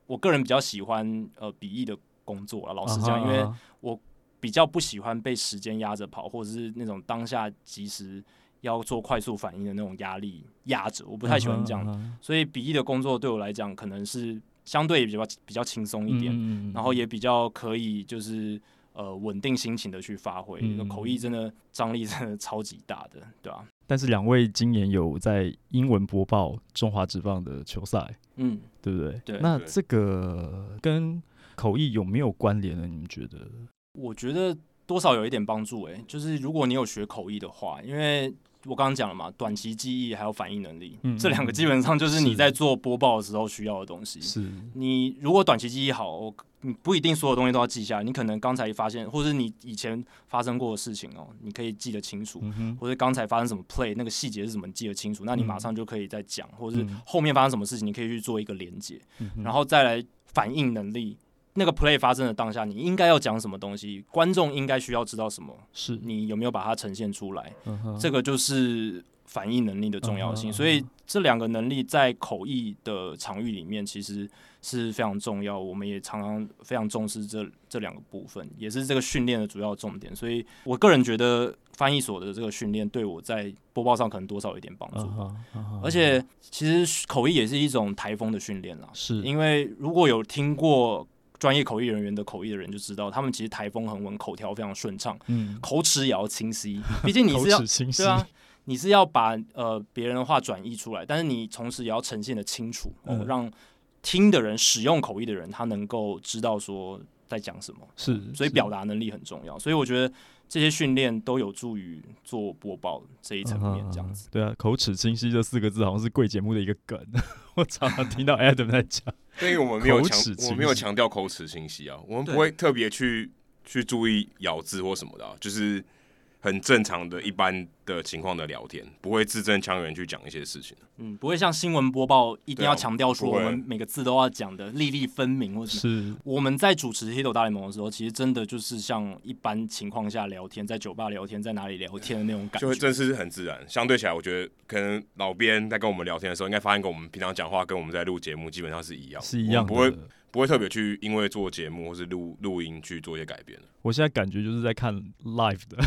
我個人比較喜歡呃筆譯的工作，老實講，啊、哈因為、啊。比較不喜歡被時間壓着跑，或者是那種當下及時要做快速反應的那種壓力壓着，我不太喜歡這樣。嗯、哼所以筆譯的工作對我來講，可能是相對比較比較輕鬆一點，嗯、然後也比較可以就是呃穩定心情的去發揮。嗯、那口譯真的張力真的超級大的，對吧、啊。但是兩位今年有在英文播報中華職棒的球賽，嗯，對不對？對對對，那這個跟口譯有沒有關聯呢？你們覺得？我覺得多少有一點幫助、欸，哎，就是如果你有學口譯的話，因為我剛剛講了嘛，短期記憶還有反應能力，嗯、這兩個基本上就是你在做播報的時候需要的東西。是，你如果短期記憶好，你不一定所有東西都要記下來，你可能剛才發現，或是你以前發生過的事情哦、喔，你可以記得清楚，嗯、或是剛才發生什麼 play 那個細節是什麼，你記得清楚，那你馬上就可以再講，或是後面發生什麼事情，你可以去做一個連接，嗯、然後再來反應能力。那個 play 發生的當下，你應該要講什麼東西？觀眾應該需要知道什麼？是你有沒有把它呈現出來？Uh huh. 這個就是反應能力的重要性。Uh huh. 所以這兩個能力在口譯的場域裡面，其實是非常重要。我們也常常非常重視這這兩個部分，也是這個訓練的主要重點。所以我個人覺得，翻譯所的這個訓練對我在播報上可能多少有一點幫助吧。Uh huh. uh huh. 而且，其實口譯也是一種台風的訓練啦。是、uh huh. 因為如果有聽過。專業口譯人員的口譯的人就知道，他們其實台風很穩，口條非常順暢，嗯、口齒也要清晰。畢竟你是要對啊，你是要把呃別人的話轉譯出來，但是你同時也要呈現得清楚、嗯哦，讓聽的人使用口譯的人他能夠知道說在講什麼是。所以表達能力很重要。是所以我覺得。這些訓練都有助於做播報這一層面，這樣子、啊。對啊，口齒清晰這四個字好像是貴節目的一個梗，我常常聽到 Adam 在講。所以 我們沒有強，我沒有強調口齒清晰啊，我們不會特別去對去注意咬字或什麼的、啊，就是。很正常的一般的情況的聊天，不會字正腔圓去講一些事情。嗯，不會像新聞播報一定要強調說、啊、我們每個字都要講的，粒粒分明或者什麼。是我們在主持《HITO 大聯盟》的時候，其實真的就是像一般情況下聊天，在酒吧聊天，在哪裡聊天的那種感覺，就真是很自然。相對起來，我覺得可能老編在跟我們聊天的時候，應該發現跟我們平常講話，跟我們在錄節目基本上是一樣，是一樣不會。不會特別去因為做節目或是錄錄音去做一些改變。我現在感覺就是在看 live 的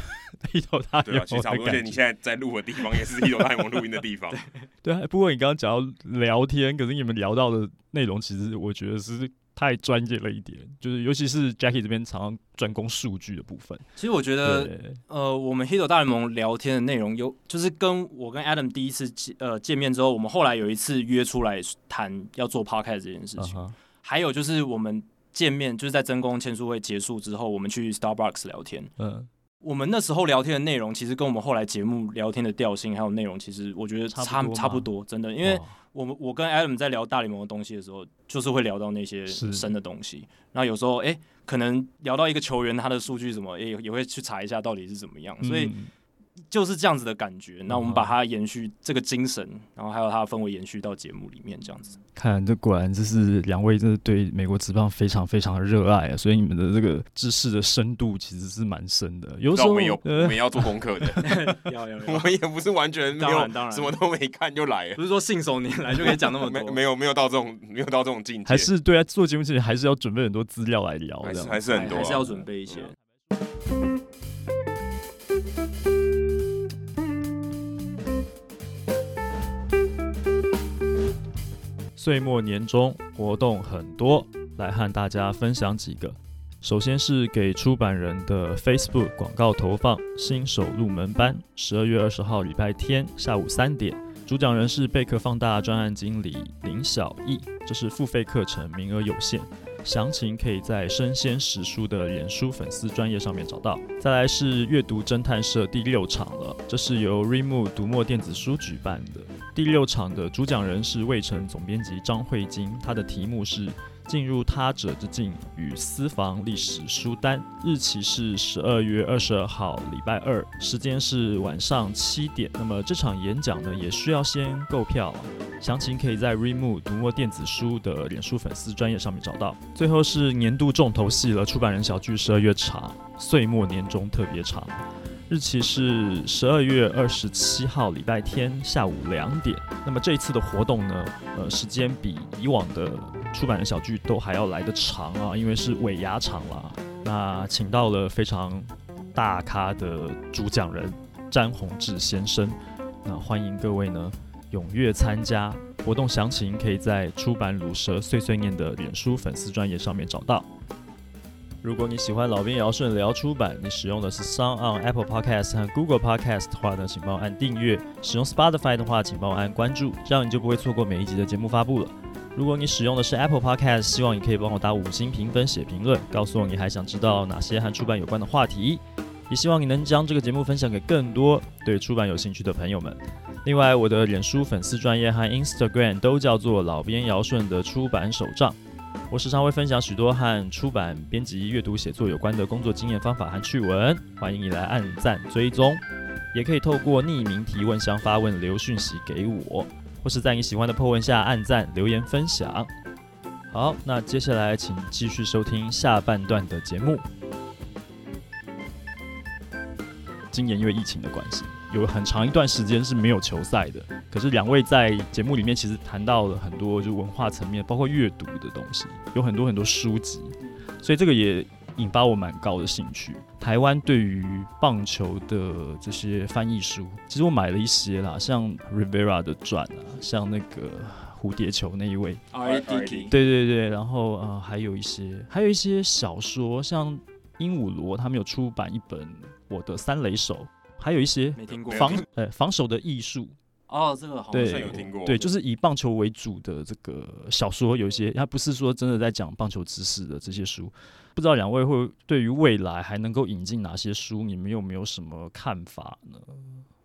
HITO 大聯盟，對啊，其實差不多。你現在在錄的地方，也是 HITO 大聯盟錄音的地方。 對，對啊，不過你剛剛講到聊天，可是你們聊到的內容，其實我覺得是太專業了一點，就是尤其是 Jacky 這邊常常專攻數據的部分。其實我覺得，對呃，我們 HITO 大聯盟聊天的內容有，有就是跟我跟 Adam 第一次呃見面之後，我們後來有一次約出來談要做 podcast 這件事情。Uh huh. 還有就是我們見面，就是在曾公簽書會結束之後，我們去 Starbucks 聊天。嗯、我們那時候聊天的內容，其實跟我們後來節目聊天的調性還有內容，其實我覺得差差不，差不多，真的。因為我們哇我跟 Adam 在聊大聯盟的東西的時候，就是會聊到那些深的東西。然後是有時候哎、欸，可能聊到一個球員他的數據什麼，也也會去查一下到底是怎麼樣，所以。嗯就是這樣子的感覺，那我們把它延續這個精神，然後還有它的氛圍延續到節目裡面，這樣子。看，這果然這是兩位，這是對美國職棒非常非常的熱愛啊，所以你們的這個知識的深度其實是蠻深的。有時候我們有，我們、呃、要做功課的。 要要，要我們也不是完全沒有，當然當然什麼都沒看就來了，不是說信手拈來就可以講那麼多。 沒沒有沒有到這種沒有到這種境界。還是對啊，做節目之前還是要準備很多資料來聊，的，還是很多、啊，還是要準備一些。嗯歲末年終活動很多，來和大家分享幾個。首先是給出版人的 Facebook 廣告投放新手入門班，十二月二十號禮拜天下午三點，主講人是貝殼放大專案經理林小藝，這是付費課程，名額有限，詳情可以在生鮮時書的臉書粉絲專頁上面找到。再來是閱讀偵探社第六場了，這是由 Readmoo 讀墨電子書舉辦的。第六場的主講人是衛城，總編輯張惠菁，他的題目是《進入他者之境與私房歷史書單》，日期是十二月二十二號，禮拜二，時間是晚上七點。那麼這場演講呢，也需要先購票、啊，詳情可以在 Readmoo 讀墨電子書的臉書粉絲專頁上面找到。最後是年度重頭戲了，出版人小聚十二月場，歲末年終特別場。日期是十二月二十七號，禮拜天下午兩點。那麼這一次的活動呢，呃，時間比以往的出版的小劇都還要來得長啊，因為是尾牙場了。那請到了非常大咖的主講人詹宏志先生。那歡迎各位呢踴躍參加。活動詳情可以在出版滷蛇碎碎念的臉書粉絲專頁上面找到。如果你喜歡老編垚順聊出版，你使用的是 Sound on Apple Podcast 和 Google Podcast 的話呢，請幫我按訂閱；使用 Spotify 的話，請幫我按關注，這樣你就不會錯過每一集的節目發布了。如果你使用的是 Apple Podcast，希望你可以幫我打五星評分、寫評論，告訴我你還想知道哪些和出版有關的話題，也希望你能將這個節目分享給更多對出版有興趣的朋友們。另外，我的臉書粉絲專頁和 Instagram 都叫做“老編垚順的出版手賬”。我時常會分享許多和出版、編輯、閱讀、寫作有關的工作經驗、方法和趣聞，歡迎你來按贊追蹤，也可以透過匿名提問箱發問、留訊息給我，或是在你喜歡的 PO 文下按贊、留言分享。好，那接下來請繼續收聽下半段的節目。今年因為疫情的關係，有很長一段時間是沒有球賽的，可是兩位在節目裡面其實談到了很多就文化層面，包括閱讀的東西，有很多很多書籍，所以這個也引發我蠻高的興趣。台灣對於棒球的這些翻譯書，其實我買了一些啦，像 Rivera 的傳啊，像那個蝴蝶球那一位，R.A. Dickey。對對對，然後啊、呃、還有一些還有一些小說，像鸚鵡螺，他們有出版一本我的三壘手。還有一些防呃、防守的藝術哦，這個好像有聽過。對，就是以棒球為主的這個小說，有一些它不是說真的在講棒球知識的這些書。不知道兩位會對於未來還能夠引進哪些書，你們有沒有什麼看法呢？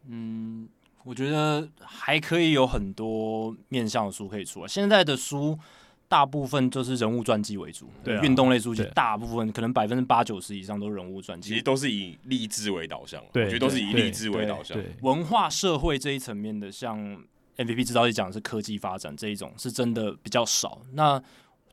嗯，我覺得還可以有很多面向的書可以出來。現在的書，大部分就是人物傳記為主，對，運動類書籍大部分可能百分之八九十以上都是人物傳記，其實都是以勵志為導向。對，我覺得都是以勵志為導向。文化社會這一層面的，像 MVP 製造機也講的是科技發展這一種，是真的比較少。那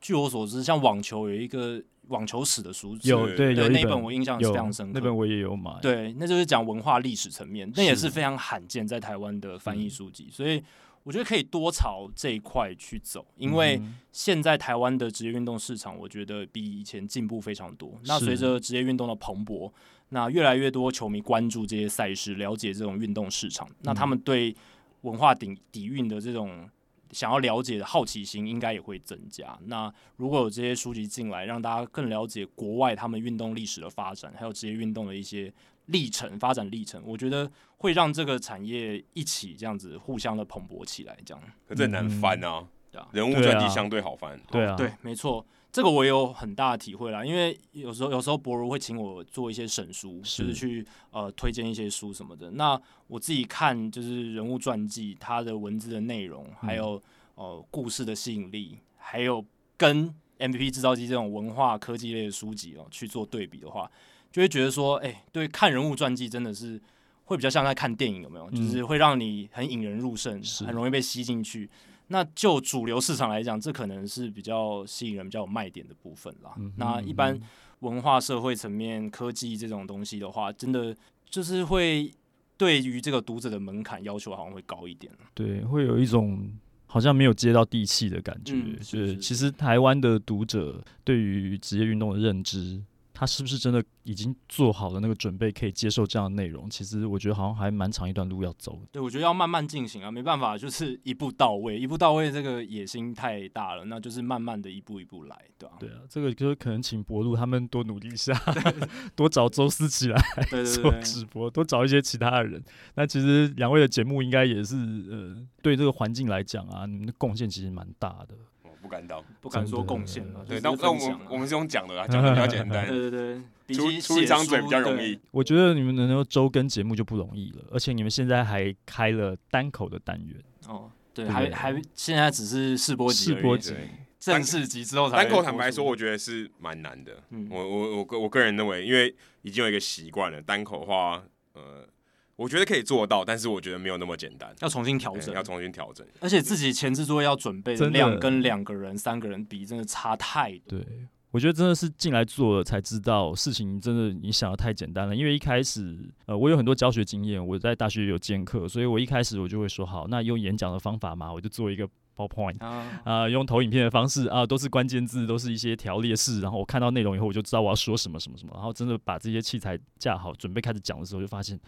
據我所知，像網球有一個網球史的書籍，對，那一本我印象是非常深刻，那本我也有買。對，那就是講文化歷史層面，那也是非常罕見在台灣的翻譯書籍，所以。我覺得可以多朝這一塊去走，因為現在台灣的職業運動市場，我覺得比以前進步非常多。那隨着職業運動的蓬勃，那越來越多球迷關注這些賽事，了解這種運動市場，那他們對文化底底蘊的這種想要了解的好奇心，應該也會增加。那如果有這些書籍進來，讓大家更了解國外他們運動歷史的發展，還有職業運動的一些歷程發展歷程，我覺得會讓這個產業一起這樣子互相的蓬勃起來，這樣。可真難翻啊，嗯、人物傳記相對好翻，對對，沒錯，這個我也有很大的體會啦。因為有時候有時候博如會請我做一些審書，是就是去呃推薦一些書什麼的。那我自己看就是人物傳記，它的文字的內容，還有、嗯呃、故事的吸引力，還有跟 MVP 製造機這種文化科技類的書籍哦、呃、去做對比的話。就會覺得說，哎、欸，對，看人物傳記真的是會比較像在看電影，有沒有？嗯、就是會讓你很引人入勝，是很容易被吸進去。那就主流市場來講，這可能是比較吸引人、比較有賣點的部分啦。嗯哼嗯哼，那一般文化、社會層面、科技這種東西的話，真的就是會對於這個讀者的門檻要求好像會高一點。對，會有一種好像沒有接到地氣的感覺。就、嗯、是，是其實台灣的讀者對於職業運動的認知。他是不是真的已經做好了那個準備，可以接受這樣的內容？其實我覺得好像還蠻長一段路要走。對，我覺得要慢慢進行啊，沒辦法，就是一步到位，一步到位這個野心太大了，那就是慢慢的一步一步來，對啊對啊，這個就是可能請博路他們多努力一下，對，多找周思齊來對對對對做直播，多找一些其他的人。那其實兩位的節目應該也是呃，對這個環境來講啊，你們的貢獻其實蠻大的。不敢當，不敢說貢獻了。對，那那我們我們是用講的，講的比較簡單。對對對，出出一張嘴比較容易。我覺得你們能夠周更節目就不容易了，而且你們現在還開了單口的單元。哦，對，還還現在只是試播集，試播正式集之後才單口。坦白說，我覺得是蠻難的。我我我個我個人認為，因為已經有一個習慣了，單口的話，呃。我覺得可以做到，但是我覺得沒有那麼簡單。要重新調整、嗯，要重新調整，而且自己前置作業要準備的量跟兩個人、的三個人比，真的差太多。對，我覺得真的是進來做了才知道，事情真的你想得太簡單了。因為一開始，呃，我有很多教學經驗，我在大學有兼課，所以我一開始我就會說，好，那用演講的方法嘛，我就做一個 PowerPoint，啊、呃，用投影片的方式啊、呃，都是關鍵字，都是一些條列式，然後我看到內容以後，我就知道我要說什麼什麼什麼，然後真的把這些器材架好，準備開始講的時候，就發現。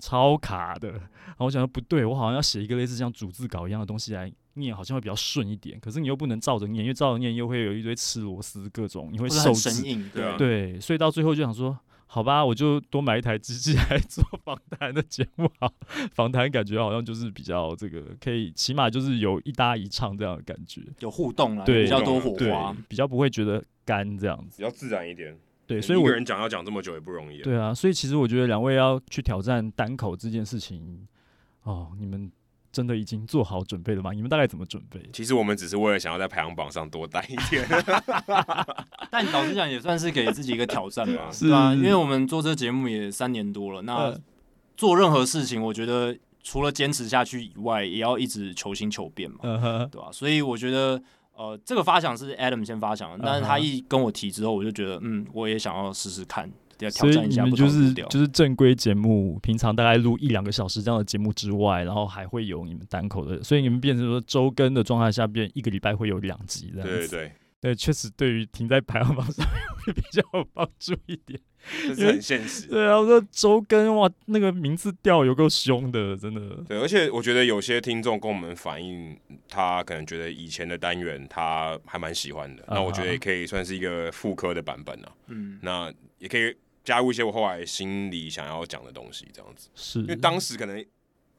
超卡的，然後我想說不對，我好像要寫一個類似像逐字稿一樣的東西來念，好像會比較順一點。可是你又不能照着念，因為照着念又會有一堆吃螺絲各種，你會受字聲，對。所以到最後就想說，好吧，我就多買一台機器來做訪談的節目。好，訪談感覺好像就是比較這個可以，起碼就是有一搭一唱這樣的感覺，有互動啦，比對較多火花，比較不會覺得乾這樣子，比較自然一點。對，所以我一個人講要講這麼久也不容易。對啊，所以其實我覺得兩位要去挑戰單口這件事情，哦，你們真的已經做好準備了嗎？你們大概怎麼準備？其實我們只是為了想要在排行榜上多待一天， 但老實講也算是給自己一個挑戰嘛。 是啊，因為我們做這節目也三年多了，那做任何事情，我覺得除了堅持下去以外，也要一直求新求變嘛，uh huh. 對吧？所以我覺得。呃，這個發想是 Adam 先發想，但是他一跟我提之後，我就覺得，嗯，我也想要試試看，要挑戰一下。所以你們就是不就是正規節目，平常大概錄一兩個小時這樣的節目之外，然後還會有你們單口的，所以你們變成說周更的狀態下，變一個禮拜會有兩集這樣。對對對，確實對於停在排行榜上。 比較有幫助一點，這是很現實。對啊，我說周更哇，那個名次掉有夠凶的，真的。對，而且我覺得有些聽眾跟我們反映，他可能覺得以前的單元他還蠻喜歡的，啊、那我覺得也可以算是一個復刻的版本啊。嗯，那也可以加入一些我後來心裡想要講的東西，這樣子。是，因為當時可能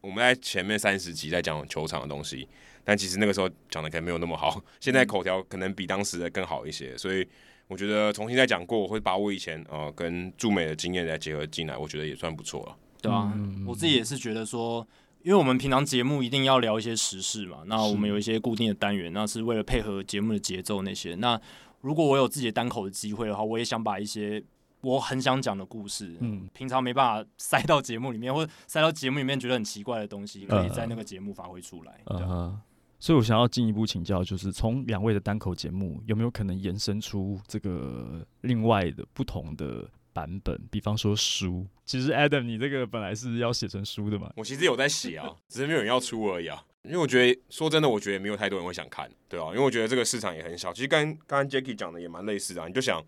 我們在前面三十集在講球場的東西，但其實那個時候講的可能沒有那麼好，現在口條可能比當時的更好一些，所以。我覺得重新再講過，我會把我以前呃跟駐美的經驗再結合進來，我覺得也算不錯了。對啊，我自己也是覺得說，因為我們平常節目一定要聊一些時事嘛，那我們有一些固定的單元，那是為了配合節目的節奏那些。那如果我有自己的單口的機會的話，我也想把一些我很想講的故事，嗯，平常沒辦法塞到節目裡面，或者塞到節目裡面覺得很奇怪的東西，可以在那個節目發揮出來。Uh huh. 所以，我想要進一步請教，就是從兩位的單口節目，有沒有可能延伸出這個另外的不同的版本？比方說書，其實 Adam，你這個本來是要寫成書的嘛？我其實有在寫啊，只是沒有人要出而已啊。因為我覺得，說真的，我覺得沒有太多人會想看，對啊，因為我覺得這個市場也很小。其實跟剛剛 Jacky 講的也蠻類似的啊。你就想，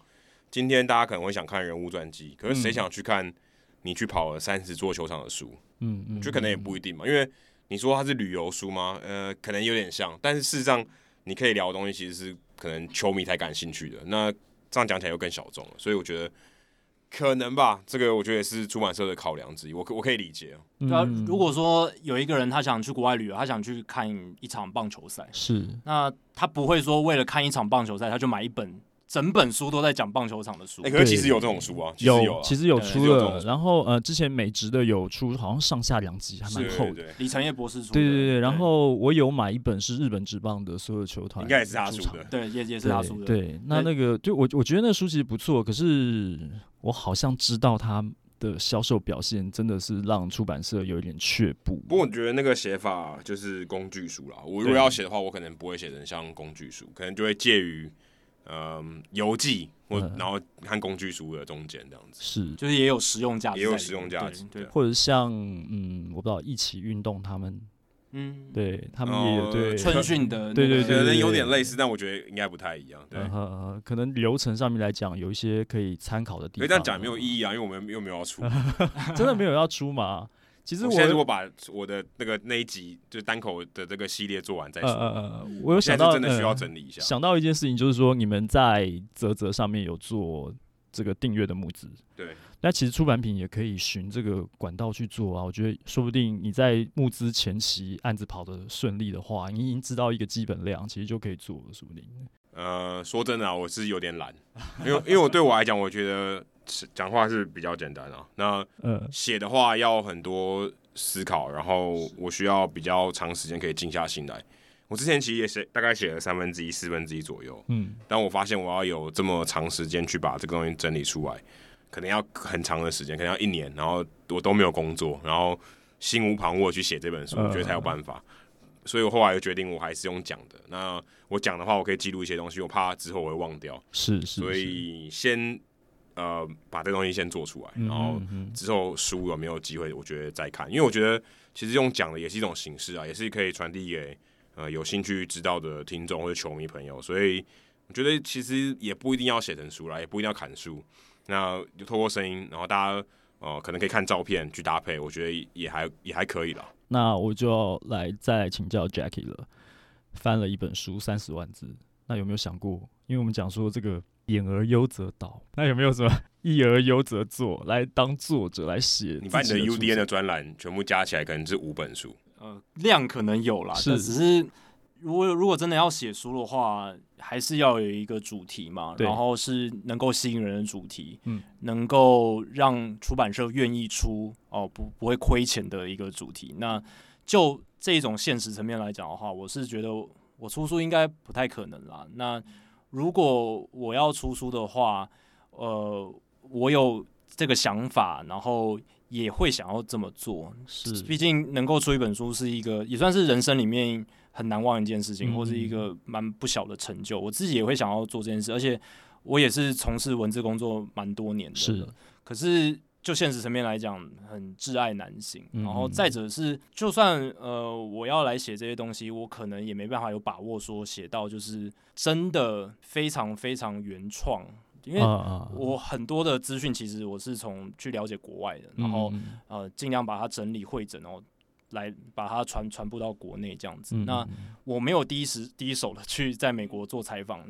今天大家可能會想看人物傳記，可是誰想去看你去跑了三十座球場的書？嗯嗯，就可能也不一定嘛，因為。你說它是旅遊書嗎？呃，可能有點像，但是事實上，你可以聊的東西其實是可能球迷才感興趣的。那這樣講起來又更小眾了，所以我覺得可能吧。這個我覺得也是出版社的考量之一，我可我可以理解。嗯、對啊，如果說有一個人他想去國外旅遊，他想去看一場棒球賽，是那他不會說為了看一場棒球賽他就買一本。整本書都在講棒球場的書、欸，哎，其實有這種書啊，有，啊有，其實有出了。對對對，然後呃，之前美職的有出，好像上下兩集還蠻厚的。李成業博士出，對對對，然後我有買一本是日本職棒的所有球團，應該也是他出的。對，也也是他出的。對，對，那那個就我我覺得那個書其實不錯，可是我好像知道他的銷售表現真的是讓出版社有一點卻步。不過我覺得那個寫法就是工具書啦，我如果要寫的話，我可能不會寫成像工具書，可能就會介於。嗯、遊、呃、記或然後和工具書的中間這樣子，是、嗯、就是也有實用價值，也有實用價值。對，對，或者、啊、像嗯，我不知道翊起運動他們，嗯，對他們也有、嗯、對春訓的，對對對，可能有點類似，但我覺得應該不太一樣，對、嗯嗯嗯嗯，可能流程上面來講有一些可以參考的地方，這但講沒有意義啊，嗯、因為我們又沒有要出， 真的沒有要出嗎？其實我如果把我的那個那一集就單口的這個系列做完再說，呃呃我有想到真的需要整理一下。呃、想到一件事情，就是說你們在嘖嘖上面有做這個訂閱的募資，對。那其實出版品也可以循這個管道去做啊。我覺得說不定你在募資前期案子跑得順利的話，你已經知道一個基本量，其實就可以做，說不定。呃，說真的、啊，我是有點懶，因為 因為我對我來講，我覺得。講話是比較簡單啊，那寫的話要很多思考，然後我需要比較長時間可以靜下心來。我之前其實也寫，大概寫了三分之一、四分之一左右，嗯。但我發現我要有這麼長時間去把這個東西整理出來，可能要很長的時間，可能要一年，然後我都沒有工作，然後心無旁騖去寫這本書，嗯、我覺得才有辦法。所以我後來就決定，我還是用講的。那我講的話，我可以記錄一些東西，我怕之後我會忘掉。是，是是，所以先。呃，把這東西先做出來，然後之後書有沒有機會？我覺得再看，嗯哼。因為我覺得其實用講的也是一種形式啊，也是可以傳遞給呃有興趣知道的聽眾或者球迷朋友。所以我覺得其實也不一定要寫成書啦，也不一定要砍書，那就透過聲音，然後大家呃可能可以看照片去搭配，我覺得也還也還可以啦。那我就來再來請教 Jackie 了，翻了一本書三十萬字，那有沒有想過？因為我們講說這個。演而優則導，那有沒有什麼一而優則作來當作者來寫？你把你的 UDN 的專欄全部加起來，可能是五本書。呃，量可能有啦，是是，但只是如果如果真的要寫書的話，還是要有一個主題嘛，對然後是能夠吸引人的主題，嗯，能夠讓出版社願意出哦，呃，不不會虧錢的一個主題。那就這種現實層面來講的話，我是覺得我出書應該不太可能啦。那如果我要出書的話，呃，我有這個想法，然後也會想要這麼做。是，畢竟能夠出一本書是一個，也算是人生裡面很難忘的一件事情，嗯嗯，或是一個蠻不小的成就。我自己也會想要做這件事，而且我也是從事文字工作蠻多年的。是的，可是。就現實層面來講，很窒礙難行。然後再者是，就算呃，我要來寫這些東西，我可能也沒辦法有把握說寫到就是真的非常非常原創，因為我很多的資訊其實我是從去了解國外的，然後呃，盡量把它整理彙整哦。然後來把它傳傳播到國內這樣子。嗯、那我沒有第一時第一手的去在美國做採訪。嗯、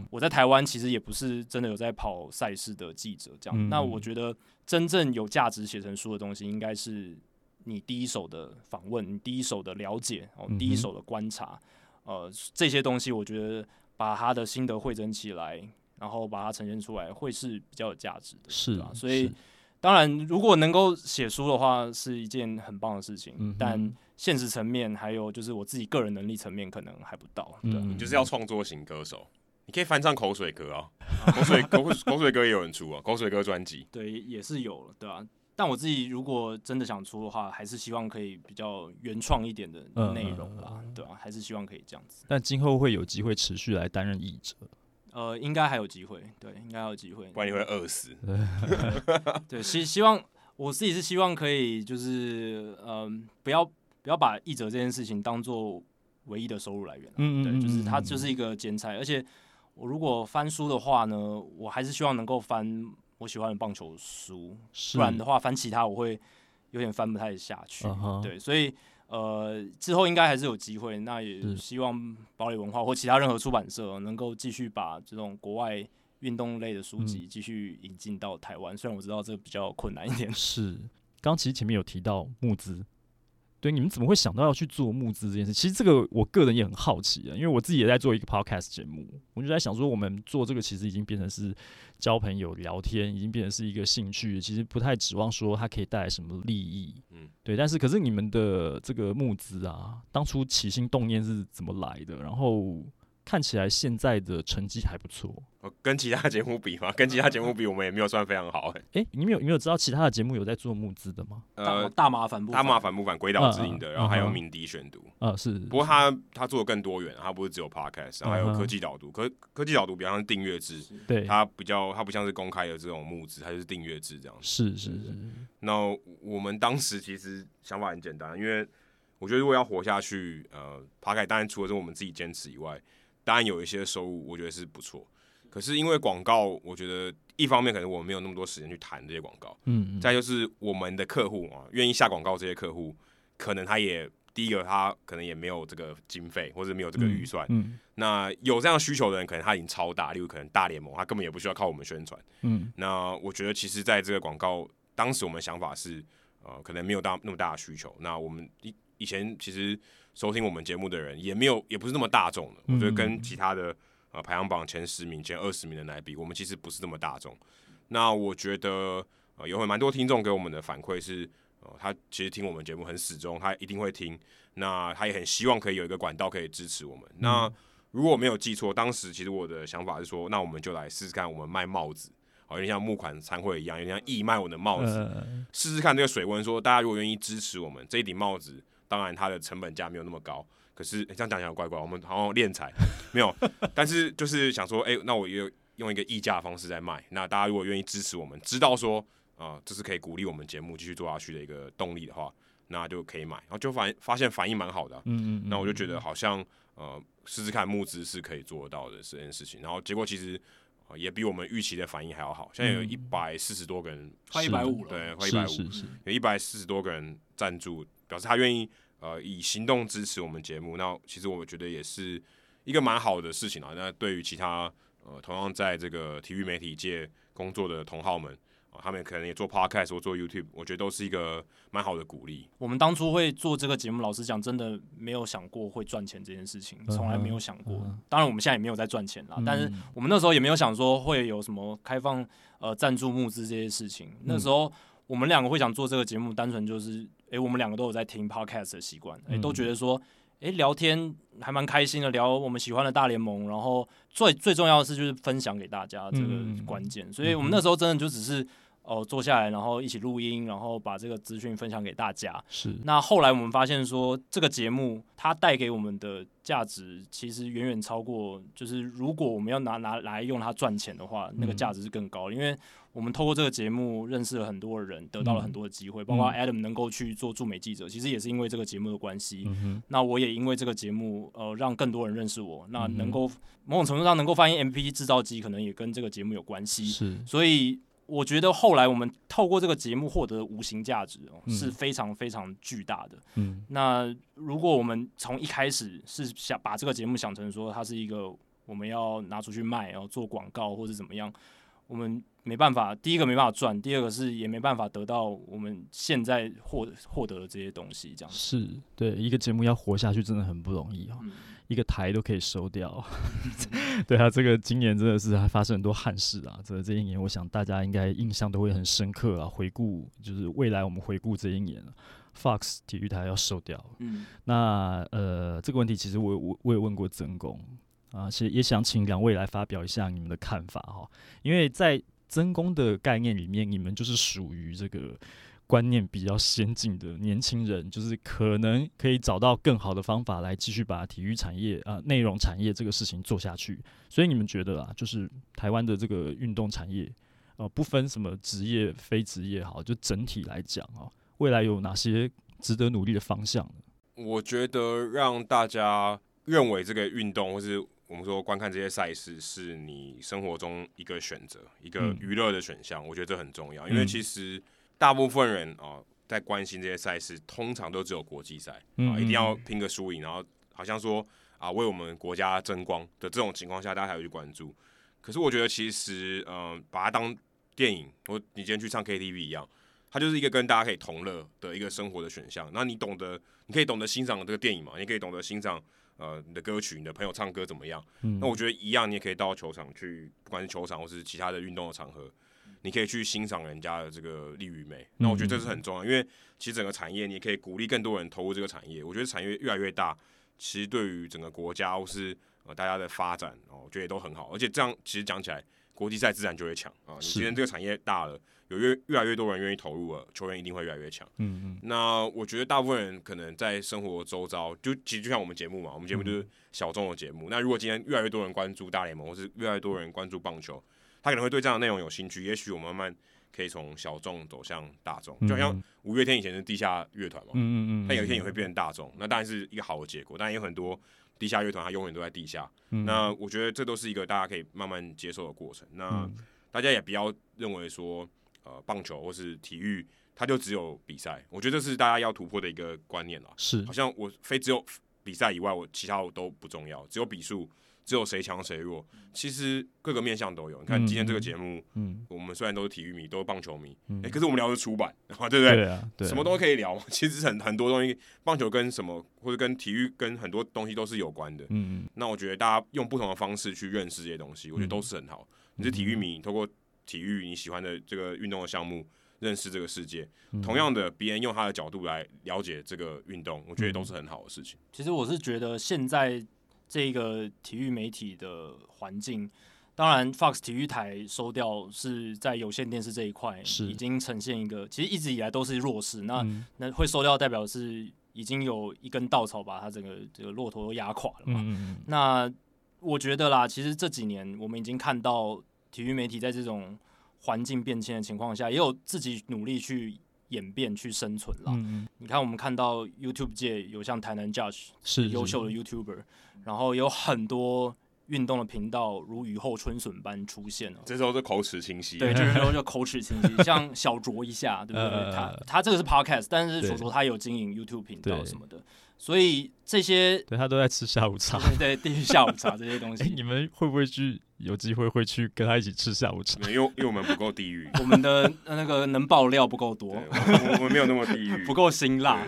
那我在台灣其實也不是真的有在跑賽事的記者這樣。嗯、那我覺得真正有價值寫成書的東西，應該是你第一手的訪問、你第一手的了解、哦嗯、第一手的觀察。嗯、呃，這些東西我覺得把他的心得彙整起來，然後把它呈現出來，會是比較有價值的，是啊，所以。當然，如果能夠寫書的話，是一件很棒的事情。嗯、哼但現實層面，還有就是我自己個人能力層面，可能還不到。對，你就是要創作型歌手，你可以翻唱口水歌啊，口水歌， 口水歌也有人出啊， 口水歌專輯。對，也是有了，對吧、啊？但我自己如果真的想出的話，還是希望可以比較原創一點的內容吧，嗯嗯嗯嗯對吧、啊？還是希望可以這樣子。但今後會有機會持續來擔任譯者。呃，應該還有機會，對，應該還有機會，不然你會餓死對。對，希 希望我自己是希望可以，就是嗯、呃，不要不要把譯者這件事情當做唯一的收入來源，嗯對，就是它就是一個兼差，嗯、而且我如果翻書的話呢，我還是希望能夠翻我喜歡的棒球書，是不然的話翻其他我會有點翻不太下去，uh huh. 對，所以。呃，之後應該還是有機會。那也希望堡壘文化或其他任何出版社能夠繼續把這種國外運動類的書籍繼續引進到台灣。嗯、雖然我知道這個比較困難一點。是，剛其實前面有提到募資。對，你們怎麼會想到要去做募資這件事？其實這個我個人也很好奇啊，因為我自己也在做一個 podcast 節目，我就在想說，我們做這個其實已經變成是交朋友、聊天，已經變成是一個興趣，其實不太指望說它可以帶來什麼利益。嗯，對。但是，可是你們的這個募資啊，當初起心動念是怎麼來的？然後。看起來現在的成績還不錯。我跟其他節目比嗎？跟其他節目比，我們也沒有算非常好、欸。哎、 欸，你們有你沒有知道其他的節目有在做募資的嗎？呃，大麻煩不？大麻煩不煩？反鬼島之音的，嗯、然後還有敏迪選讀。呃、嗯嗯啊，是。不過他他做的更多元，他不是只有 podcast、嗯、哼然後還有科技島讀。嗯、哼科科技島讀比方說訂閱制，對是，他比較他不像是公開的這種募資，他就是訂閱制這樣子。是是是。是是那我們當時其實想法很簡單，因為我覺得如果要活下去，呃，podcast 當然除了是我們自己堅持以外。當然有一些收入，我覺得是不錯。可是因為廣告，我覺得一方面可能我們沒有那麼多時間去談這些廣告嗯，嗯。再就是我們的客戶啊，願意下廣告這些客戶，可能他也第一個他可能也沒有這個經費，或者沒有這個預算嗯。嗯。那有這樣需求的人，可能他已經超大，例如可能大聯盟，他根本也不需要靠我們宣傳。嗯。那我覺得，其實在這個廣告，當時我們的想法是，呃，可能沒有到那麼大的需求。那我們以以前其實。收聽我們節目的人也沒有，也不是那麼大眾的。我覺得跟其他的呃排行榜前十名、前二十名的人來比，我們其實不是那麼大眾。那我覺得、呃、有很蠻多聽眾給我們的反饋是，呃，他其實聽我們節目很始終，他一定會聽。那他也很希望可以有一個管道可以支持我們。嗯、那如果沒有記錯，當時其實我的想法是說，那我們就來試試看，我們賣帽子，好像像募款餐會一樣，有點像義賣我們的帽子，試試、嗯、看這個水溫。說大家如果願意支持我們這一頂帽子。當然，它的成本價沒有那麼高，可是、欸、這樣講起來怪怪。我們好像斂財沒有， 但是就是想說，哎、欸，那我也有用一個溢價的方式在賣。那大家如果願意支持我們，知道說啊、呃，這是可以鼓勵我們節目繼續做下去的一個動力的話，那就可以買。然後就反發現反應蠻好的、啊。嗯，嗯，嗯，嗯，那我就覺得好像呃，試試看募資是可以做得到的是這件事情。然後結果其實、呃、也比我們預期的反應還要好，好，現在有一百四十多個人，快、嗯、一百五了。對，快一百五是是是有一百四十多個人贊助。表示他願意呃以行動支持我們節目，那其實我覺得也是一個蠻好的事情啊。那對於其他呃同樣在這個體育媒體界工作的同好們啊、呃，他們可能也做 Podcast 或做 YouTube，我覺得都是一個蠻好的鼓勵。我們當初會做這個節目，老實講，真的沒有想過會賺錢這件事情，從來沒有想過。當然，我們現在也沒有在賺錢啦。嗯、但是我們那時候也沒有想說會有什麼開放呃贊助募資這些事情。那時候我們兩個會想做這個節目，單純就是。哎、欸，我們兩個都有在聽 podcast 的習慣，哎、欸，都覺得說，哎、欸，聊天還蠻開心的，聊我們喜歡的大聯盟，然後最最重要的是就是分享給大家這個關鍵，嗯、所以我們那時候真的就只是哦、呃、坐下來，然後一起錄音，然後把這個資訊分享給大家。是。那後來我們發現說，這個節目它帶給我們的價值其實遠遠超過，就是如果我們要拿拿來用它賺錢的話，嗯、那個價值是更高的，因為。我們透過這個節目認識了很多的人，得到了很多的機會，嗯、包括 Adam 能夠去做駐美記者，嗯、其實也是因為這個節目的關係。嗯、哼那我也因為這個節目，呃，讓更多人認識我，嗯、哼那能夠某種程度上能夠發現 MVP 製造機，可能也跟這個節目有關係。是，所以我覺得後來我們透過這個節目獲得無形價值、嗯、是非常非常巨大的。嗯，那如果我們從一開始是想把這個節目想成說它是一個我們要拿出去賣，然後做廣告或者怎麼樣，我們。沒辦法，第一個沒辦法賺，第二個是也沒辦法得到我們現在獲獲得的這些東西，這樣是對一個節目要活下去真的很不容易哦，嗯、一個台都可以收掉，哦，嗯、 對啊，這個今年真的是還發生很多憾事啊，這這一年我想大家應該印象都會很深刻啊。回顧，就是未來我們回顧這一年，FOX 體育台要收掉，嗯，那呃這個問題其實我我，我也問過曾公啊，其實也想請兩位來發表一下你們的看法哈，哦，因為在。分工的概念裡面，你們就是屬於這個觀念比較先進的年輕人，就是可能可以找到更好的方法來繼續把體育產業啊、呃、內容產業這個事情做下去。所以你們覺得啊，就是台灣的這個運動產業，呃，不分什麼職業、非職業好，就整體來講啊，未來有哪些值得努力的方向？我覺得讓大家認為這個運動或是。我們說，觀看這些賽事是你生活中一個選擇，一個娛樂的選項。嗯、我覺得這很重要，因為其實大部分人啊、呃、在關心這些賽事，通常都只有國際賽啊，一定要拼個輸贏，然後好像說啊、呃、為我們國家爭光的這種情況下，大家才會去關注。可是我覺得其實嗯、呃，把它當電影，或你今天去唱 KTV 一樣，它就是一個跟大家可以同樂的一個生活的選項。那你懂得，你可以懂得欣賞這個電影嘛？你可以懂得欣賞。呃，你的歌曲，你的朋友唱歌怎麼樣？嗯、那我覺得一樣，你也可以到球場去，不管是球場或是其他的運動的場合，你可以去欣賞人家的這個力與美。那我覺得這是很重要，嗯嗯，因為其實整個產業，你也可以鼓勵更多人投入這個產業。我覺得產業越來越大，其實對於整個國家或是呃大家的發展，哦、呃，我覺得也都很好。而且這樣，其實講起來，國際賽自然就會強啊、呃。你今天這個產業大了。有越越來越多人願意投入了，球員一定會越來越強。嗯嗯。那我覺得大部分人可能在生活周遭，就其實就像我們節目嘛，我們節目就是小眾的節目。嗯嗯。那如果今天越來越多人關注大聯盟，或是越來越多人關注棒球，他可能會對這樣的內容有興趣。也許我們慢慢可以從小眾走向大眾，嗯嗯。就好像五月天以前是地下樂團嘛，嗯嗯嗯，嗯，嗯，他有一天也會變成大眾。那當然是一個好的結果，但有很多地下樂團，他永遠都在地下。嗯嗯。那我覺得這都是一個大家可以慢慢接受的過程。那大家也不要認為說。呃，棒球或是體育，它就只有比賽。我覺得這是大家要突破的一個觀念了。是，好像我非只有比賽以外，我其他我都不重要，只有比數，只有誰強誰弱。其實各個面向都有。你看今天這個節目嗯，嗯，我們雖然都是體育迷，都是棒球迷，哎、嗯欸，可是我們聊的是出版，嗯、吧啊，對不對？對啊，對，什麼都可以聊？其實很很多東西，棒球跟什麼或者跟體育跟很多東西都是有關的。嗯，那我覺得大家用不同的方式去認識這些東西，我覺得都是很好。你是、嗯、體育迷，你通過。體育你喜歡的這個運動的項目，認識這個世界，嗯、同樣的別人用他的角度來了解這個運動，嗯、我覺得都是很好的事情。其實我是覺得現在這個體育媒體的環境，當然 Fox 體育台收掉是在有線電視這一塊已經呈現一個，是其實一直以來都是弱勢，那那會收掉代表是已經有一根稻草把它整個這個駱駝都壓垮了嘛？嗯嗯嗯，那我覺得啦，其實這幾年我們已經看到。體育媒體在這種環境變遷的情況下，也有自己努力去演變、去生存了。嗯、你看，我們看到 YouTube 界有像台南 Judge 是，是優秀的 YouTuber，然後有很多運動的頻道如雨後春筍般出現了。這時候是口齒清晰，對，這時候就口齒清晰。 像小卓一下，對不對？呃、他他這個是 Podcast，但是小卓他有經營 YouTube 頻道什麼的。所以這些對他都在吃下午茶，對，對，對，地獄下午茶這些東西， 欸、你們會不會去有機會會去跟他一起吃下午茶？沒有，因為我們不夠地獄 我們的那個能爆料不夠多，我們沒有那麼地獄 不夠辛辣。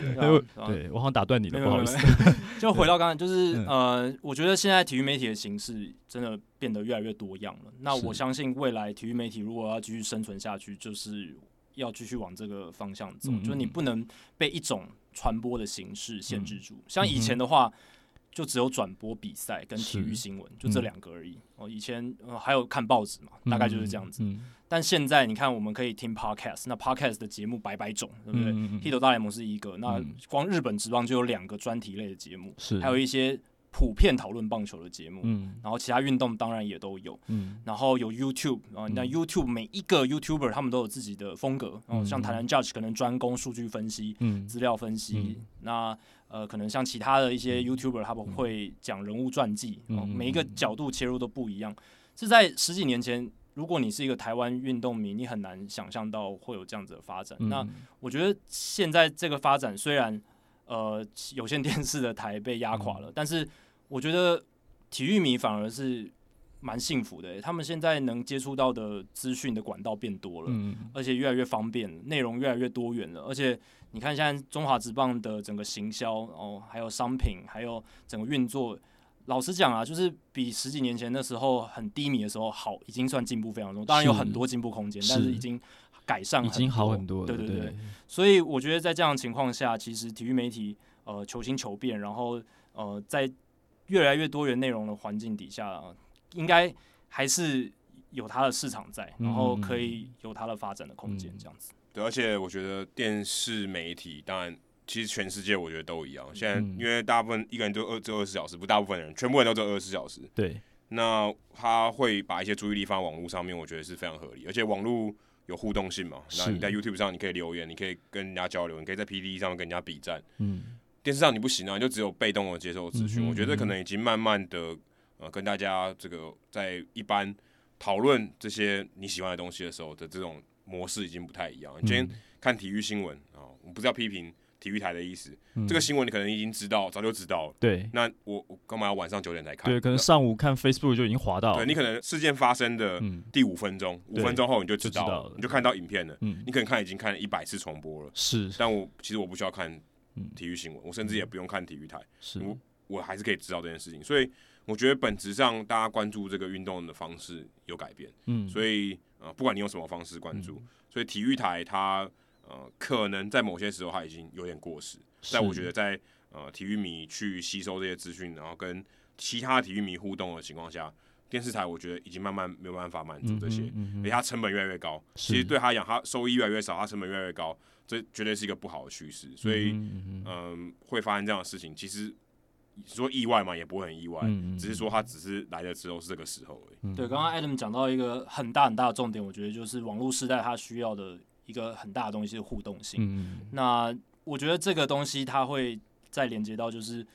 對，我好像打斷你了，對對對，不好意思。對對對，就回到剛剛，就是呃，我覺得現在體育媒體的形式真的變得越來越多樣了。是那我相信未來體育媒體如果要繼續生存下去，就是要繼續往這個方向走，嗯嗯就是你不能被一種。傳播的形式限制住，像以前的話，就只有轉播比賽跟體育新聞，是就這兩個而已。哦，以前、呃、還有看報紙嘛，嗯、大概就是這樣子。嗯嗯、但現在你看，我們可以聽 podcast，那 podcast 的節目百百種，對不對？嗯《HITO、嗯、大聯盟》是一個，那光日本職棒就有兩個專題類的節目，是還有一些。普遍討論棒球的節目，然後其他運動當然也都有，然後有 YouTube，啊，那 YouTube 每一個 YouTuber 他們都有自己的風格，嗯，像台南 Judge 可能專攻數據分析，資料分析，那呃，可能像其他的一些 YouTuber 他們會講人物傳記，每一個角度切入都不一樣。是在十幾年前，如果你是一個台灣運動迷，你很難想象到會有這樣子的發展。那我覺得現在這個發展雖然呃有線電視的台被壓垮了，但是我覺得體育迷反而是蠻幸福的。欸，他們現在能接觸到的資訊的管道變多了，嗯、而且越來越方便，內容越來越多元了。而且你看，現在中華職棒的整個行銷，然後、哦、還有商品，還有整個運作，老實講啊，就是比十幾年前那時候很低迷的時候好，已經算進步非常多。當然有很多進步空間，是但是已經改善已經好很多，對對對。對、所以我覺得在這樣的情況下，其實體育媒體呃求新求變，然後呃在。越來越多元內容的環境底下、啊，應該還是有它的市場在，然後可以有它的發展的空間這樣子，嗯嗯。對，而且我覺得電視媒體，當然其實全世界我覺得都一樣。現在因為大部分一個人做二2二十四小時，不大部分人，全部人都做二十四小時。對。那他會把一些注意力放在網絡上面，我覺得是非常合理。而且網絡有互動性嘛，是那你在 YouTube 上你可以留言，你可以跟人家交流，你可以在 PTT 上跟人家筆戰。嗯。電視上你不行啊，你就只有被動的接受資訊。我覺得可能已經慢慢的，呃，跟大家這個在一般討論這些你喜歡的東西的時候的這種模式已經不太一樣。你今天看體育新聞啊，我不是要批評體育台的意思。這個新聞你可能已經知道，早就知道了。對。那我我幹嘛要晚上九點才看？對，可能上午看 Facebook 就已經滑到了。對，你可能事件發生的第五分鐘，五分鐘後你就知道了，你就看到影片了。你可能看已經看了一百次重播了。是。但我其實我不需要看。體育新聞，我甚至也不用看體育台，是我我還是可以知道這件事情。所以我覺得本質上大家關注這個運動的方式有改變。嗯。所以呃，不管你用什麼方式關注，嗯、所以體育台它呃，可能在某些時候它已經有點過時。是但我覺得在呃體育迷去吸收這些資訊，然後跟其他體育迷互動的情況下，電視台我覺得已經慢慢沒有辦法滿足這些，嗯哼嗯哼，而且它成本越來越高。是其實對他來講，他收益越來越少，他成本越來越高。這絕對是一個不好的趨勢，所以，嗯，會發生這樣的事情，其實說意外嘛，也不會很意外，嗯、只是說它只是來的時候是這個時候而已。哎，對，剛剛 Adam 講到一個很大很大的重點，我覺得就是網絡時代它需要的一個很大的東西是互動性。嗯、那我覺得這個東西它會再連接到就是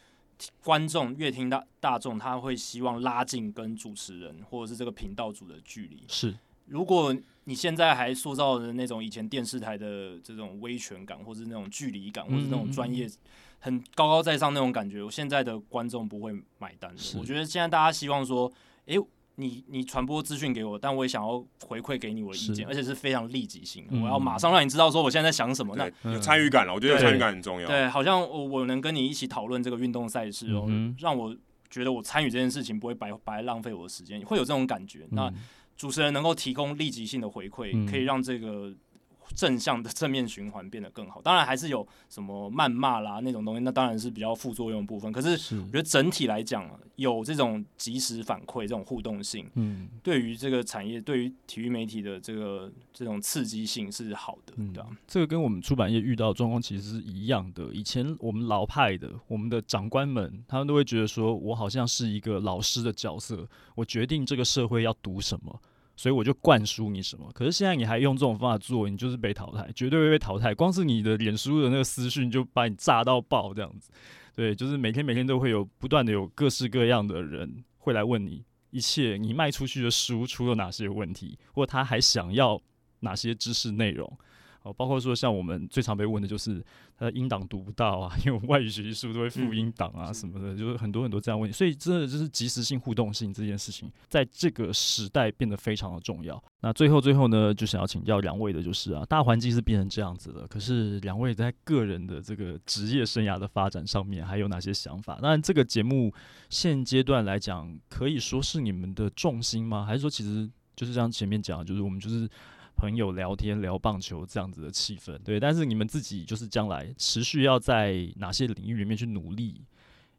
觀眾閱聽大眾，他會希望拉近跟主持人或者是這個頻道組的距離。是。如果你現在還塑造的那種以前電視台的這種威權感，或是那種距離感，或是那種專業很高高在上那種感覺，我現在的觀眾不會買單。是我覺得現在大家希望說，哎、欸，你你傳播資訊給我，但我也想要回饋給你我的意見，是而且是非常立即性的，嗯、我要馬上讓你知道說我現在在想什麼。那有參與感了，我覺得有參與感很重要。對。對，好像我我能跟你一起討論這個運動賽事哦、喔，嗯、哼讓我覺得我參與這件事情不會白白浪費我的時間，會有這種感覺。那。嗯主持人能夠提供立即性的回饋，可以讓這個正向的正面循環變得更好。當然，還是有什麼謾罵啦那種東西，那當然是比較副作用的部分。可是我覺得整體來講、啊，有這種即時反饋、這種互動性，嗯是，對於這個產業、對於體育媒體的這個這種刺激性是好的。對、啊嗯、這個跟我們出版業遇到的狀況其實是一樣的。以前我們老派的我們的長官們，他們都會覺得說，我好像是一個老師的角色，我決定這個社會要讀什麼。所以我就灌輸你什麼，可是現在你還用這種方法做，你就是被淘汰，絕對會被淘汰。光是你的臉書的那個私訊就把你炸到爆這樣子，對，就是每天每天都會有不斷的有各式各樣的人會來問你，一切你賣出去的書出了哪些問題，或他還想要哪些知識內容。哦，包括說像我們最常被問的就是，他的音檔讀不到啊，因為外語學習是不是都會附音檔啊什麼的，嗯、是就是很多很多這樣問題。所以真的就是即時性、互動性這件事情，在這個時代變得非常的重要。那最後最後呢，就想要請教兩位的就是啊，大環境是變成這樣子了，可是兩位在個人的這個職業生涯的發展上面，還有哪些想法？那這個節目現階段來講，可以說是你們的重心嗎？還是說其實就是像前面講，就是我們就是。朋友聊天聊棒球這樣子的氣氛，對，但是你們自己就是將來持續要在哪些領域裡面去努力，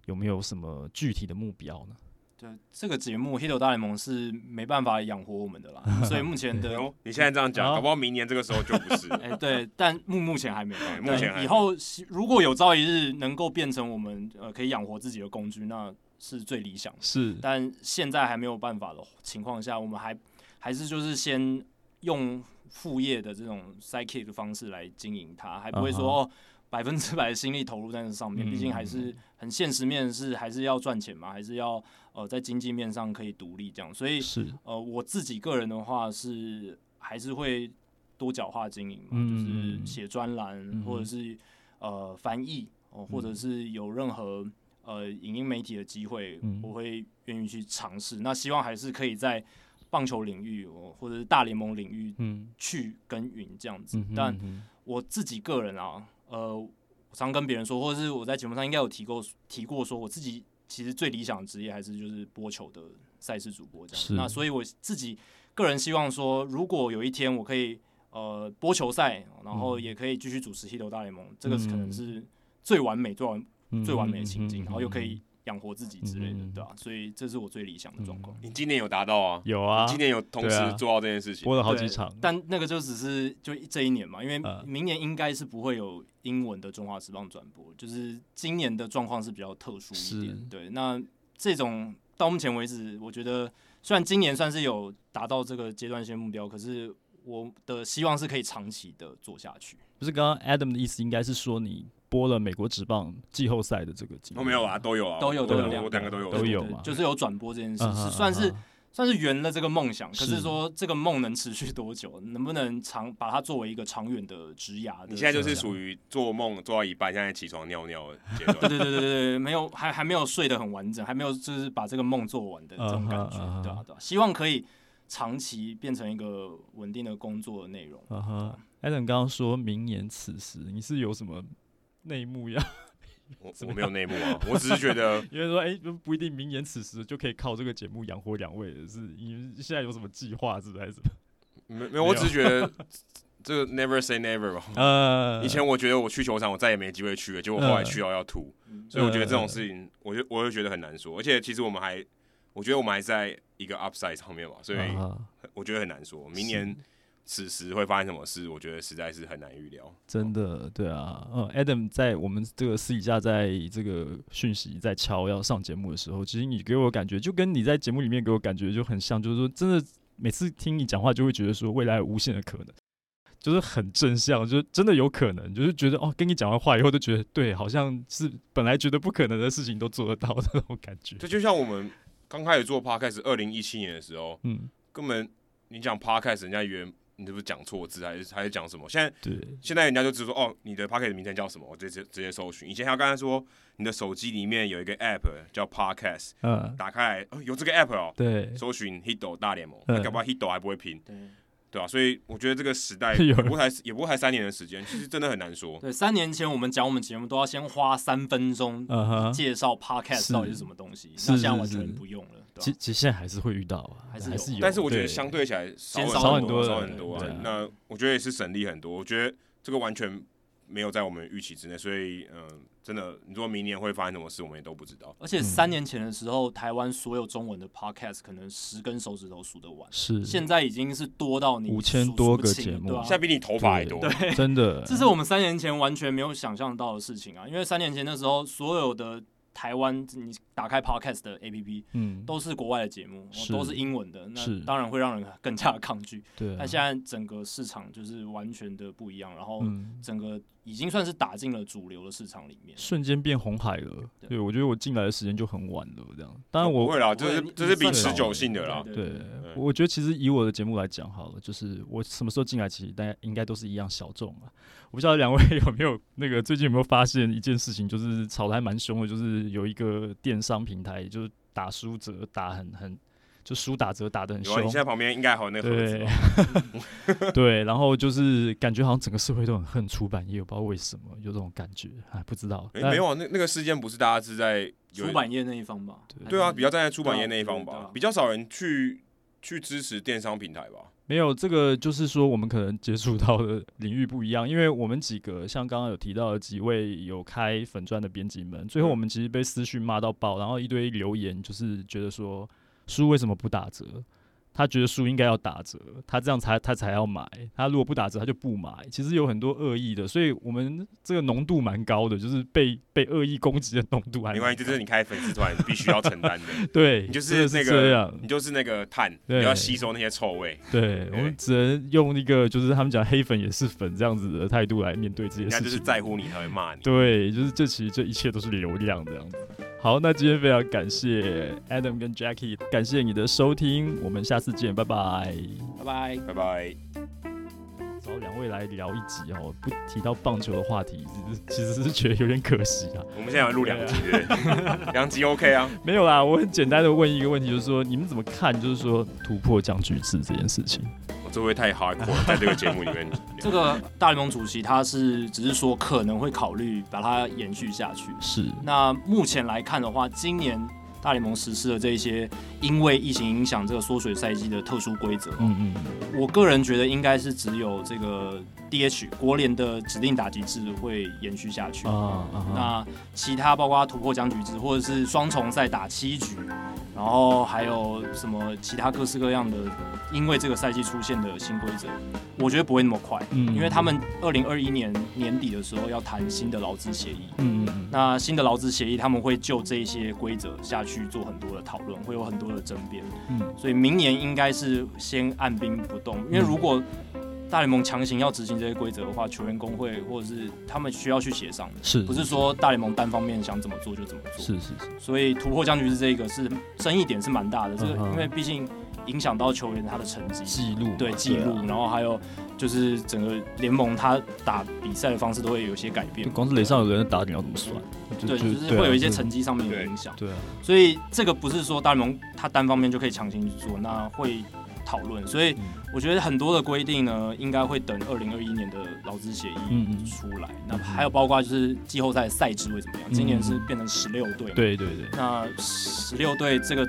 有沒有什麼具體的目標呢？對，這個節目《 HITO 大聯盟》是沒辦法養活我們的啦， 所以目前的，對哦、你現在這樣講，哦、搞不好明年這個時候就不是。哎、 欸，對，但目前 目前還沒有，目前以後如果有朝一日能夠變成我們呃可以養活自己的工具，那是最理想的。是，但現在還沒有辦法的情況下，我們還還是就是先。用副業的這種 sidekick 的方式來經營它，還不會說百分之百的心力投入在那上面。Mm hmm. 畢竟還是很現實面是還是要賺錢嘛，還是要呃在經濟面上可以獨立這樣。所以是呃我自己個人的話是還是會多角化經營嘛，mm hmm. 就是寫專欄或者是呃翻譯、呃，或者是有任何呃影音媒體的機會，我會願意去嘗試。Mm hmm. 那希望還是可以在。棒球領域，或者大聯盟領域，去耕耘這樣子。嗯、但我自己個人啊，呃，常跟別人說，或者是我在節目上應該有提過，提過說，我自己其實最理想的職業還是就是播球的賽事主播這樣。是那所以我自己個人希望說，如果有一天我可以呃播球賽，然後也可以繼續主持《HITO 大聯盟》嗯，這個是可能是最完美、最完、嗯、最完美的情景，然後又可以。養活自己之類的，嗯、對啊。所以這是我最理想的狀況。嗯。你今年有達到啊？有啊，你今年有同時做到這件事情，啊、播了好幾場。但那個就只是就這一年嘛，因為明年應該是不會有英文的《中華時報》轉播，呃、就是今年的狀況是比較特殊一點。是對，那這種到目前為止，我覺得雖然今年算是有達到這個階段性目標，可是我的希望是可以長期的做下去。就是剛剛 Adam 的意思，應該是說你。播了美國職棒季後賽的這個節目，沒有啊，都有啊，都有都有，兩個都有，都有就是有轉播這件事，是算是算是圓了這個夢想。可是說這個夢能持續多久，能不能長把它作為一個長遠的職涯？你現在就是屬於做夢做到一半，現在起床尿尿的階段。對對對對對，沒有，還還沒有睡得很完整，還沒有就是把這個夢做完的這種感覺，對對，希望可以長期變成一個穩定的工作內容。哈哈，Adam 剛剛說，明年此時你是有什麼？內幕呀？我我沒有內幕啊，我只是覺得， 因為說，哎、欸，不不一定明年此時就可以靠這個節目養活兩位，是你們現在有什麼計劃是不是，是還是什麼？沒沒有，我只是覺得 這個 never say never 吧。呃、以前我覺得我去球場，我再也沒機會去了，結果後來去到要吐，呃、所以我覺得這種事情，我就我就覺得很難說。而且其實我們還，我覺得我們還是在一個 upside 上面吧。所以、啊、哈我覺得很難說，明年。此時會發生什麼事？我覺得實在是很難預料。真的，對啊，嗯，Adam 在我們這個私底下在這個訊息在敲要上節目的時候，其實你給我感覺就跟你在節目裡面給我感覺就很像，就是說真的，每次聽你講話就會覺得說未來有無限的可能，就是很正向，就是真的有可能，就是覺得哦，跟你講完話以後都覺得對，好像是本來覺得不可能的事情都做得到的那種感覺。就就像我們剛開始做 Podcast 二零一七年的時候，嗯，根本你講 Podcast，人家原你是不是講錯字還是還是講什麼？現在對，現在人家就直接說哦，你的 podcast 名稱叫什麼？我直接直接搜尋。以前他剛才說，你的手機裡面有一個 app 叫 podcast，打開來哦，有這個 app 哦，對，搜尋 HITO 大聯盟，那搞不好 HITO 還不會拼，對，對啊，所以我覺得這個時代也不過才，也不過才三年的時間，其實真的很難說。對，三年前我們講我們節目都要先花三分鐘介紹 podcast 到底是什麼東西，那現在完全不用了。其其實現在還是會遇到啊，還是還是有。是有，但是我覺得相對起來少很，對很多，少很多。很多啊、那我覺得也是省力很多。我覺得這個完全沒有在我們預期之內，所以嗯，真的，你如果明年會發生什麼事，我們也都不知道。而且三年前的時候，嗯、台灣所有中文的 podcast 可能十根手指頭數得完。是。現在已經是多到你數數五千多個節目，啊、現在比你頭髮還多。對，真的，這是我們三年前完全沒有想象到的事情啊！因為三年前的時候，所有的台灣，你打開 Podcast 的 APP，嗯，都是國外的節目，都是英文的，那當然會讓人更加抗拒。但現在整個市場就是完全的不一樣，然後整個已經算是打進了主流的市場裡面，瞬間變紅海了。對，我覺得我進來的時間就很晚了，這樣。當然我不會啦，這是這是比持久性的啦。對，我覺得其實以我的節目來講好了，就是我什麼時候進來，其實大家應該都是一樣小眾我不知道兩位有沒有那個最近有沒有發現一件事情，就是吵得還蠻凶的，就是有一個電商平台，就是打書折打很很就書打折打的很凶，啊。你現在旁邊應該還有那個。對，然後就是感覺好像整個社會都很恨出版業，我不知道為什麼有這種感覺。哎，不知道。哎、欸，沒有，但那那個事件不是大家是在出版業那一方吧？對，對啊，比較站在出版業那一方吧，啊啊啊、比較少人去。去支持電商平台吧？沒有，這個就是說，我們可能接觸到的領域不一樣。因為我們幾個像剛剛有提到的幾位有開粉專的編輯們，最後我們其實被私訊罵到爆，然後一堆留言就是覺得說書為什麼不打折？他覺得書應該要打折，他這樣才他才要買，他如果不打折，他就不買。其實有很多惡意的，所以我們這個濃度蠻高的，就是被被惡意攻擊的濃度還沒。沒關係，就是你開粉絲團必須要承擔的。 對，你就是那個，你就是那個碳，對你要吸收那些臭味。對，對我們只能用那個，就是他們講黑粉也是粉這樣子的態度來面對這些事情。那就是在乎你才會罵你。對，就是這其實這一切都是流量這樣子。好，那今天非常感謝 Adam 跟 Jacky，感謝你的收聽，我們下次見，拜拜，拜拜 bye，拜拜 bye。找兩位來聊一集哦，不提到棒球的話題，其實是覺得有點可惜啊。我們現在要錄兩集，兩集、啊、 兩集 OK 啊？沒有啦，我很簡單的問一個問題，就是說你們怎麼看，就是說突破僵局制這件事情。這會太 hardcore，在這個節目裡面。 這個大聯盟主席他是只是說可能會考慮把它延續下去。是。那目前來看的話，今年大聯盟實施的這些因為疫情影響這個縮水賽季的特殊規則，嗯嗯。我個人覺得應該是只有這個 DH 國聯的指定打擊制會延續下去。啊、uh。Huh、那其他包括他突破僵局制或者是雙重賽打七局，然後還有什麼其他各式各樣的？因為這個賽季出現的新規則，我覺得不會那麼快，嗯，因為他們二零二一年年底的時候，要談新的勞資協議，嗯，那新的勞資協議他們會就這一些規則下去做很多的討論，會有很多的爭辯，嗯，所以明年應該是先按兵不動，因為如果大聯盟強行要執行這些規則的話，球員工會或者是他們需要去協商的，是，是，不是說大聯盟單方面想怎麼做就怎麼做？是是是。所以突破僵局，是這一個是爭議點，是蠻大的。嗯嗯，這個因為畢竟影響到球員他的成績記錄，對記錄，然後還有就是整個聯盟他打比賽的方式都會有一些改變。光是壘上有人打，你要怎麼算？對，就就對，就是會有一些成績上面的影響。對啊，所以這個不是說大聯盟他單方面就可以強行去做，那會。討論，所以我覺得很多的規定呢，應該會等二零二一年的勞資協議出來。嗯嗯，那還有包括就是季後賽賽制會怎麼樣？今年是變成十六隊，對對對。那十六隊這個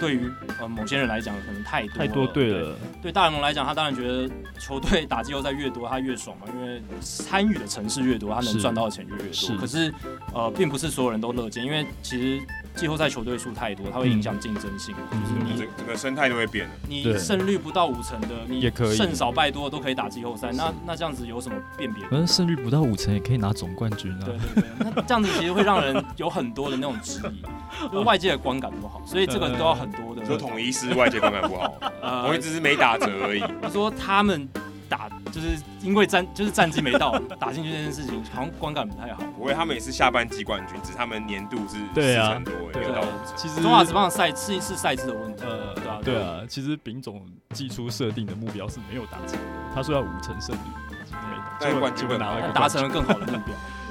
對於呃某些人來講可能太多太多隊了對。對大聯盟來講，他當然覺得球隊打季後賽越多，他越爽嘛，因為參與的城市越多，他能賺到的錢就越多。是是，可是呃，並不是所有人都樂見，因為其實。季後賽球隊數太多，它會影響競爭性，就是你整個生態都會變的。嗯嗯，你勝率不到五成的，對你勝少敗多都可以打季後賽，那那這樣子有什麼辨別？可是勝率不到五成也可以拿總冠軍啊。對對對，那這樣子其實會讓人有很多的那種質疑， 就是外界的觀感不好，所以這個都要很多的。就是、統一是外界觀感不好，統一 只是沒打折而已。他說他們。打就是因為戰就是戰績沒到 打進去這件事情，好像觀感不太好。不過他們也是下半季冠軍，只是他們年度是四成多，欸。對啊，其實中華職棒賽是一次賽制的問題，呃。對啊，對啊，其實丙總季初設定的目標是沒有達成，他說要五成勝率。冠軍會拿回來。達成了更好的目標。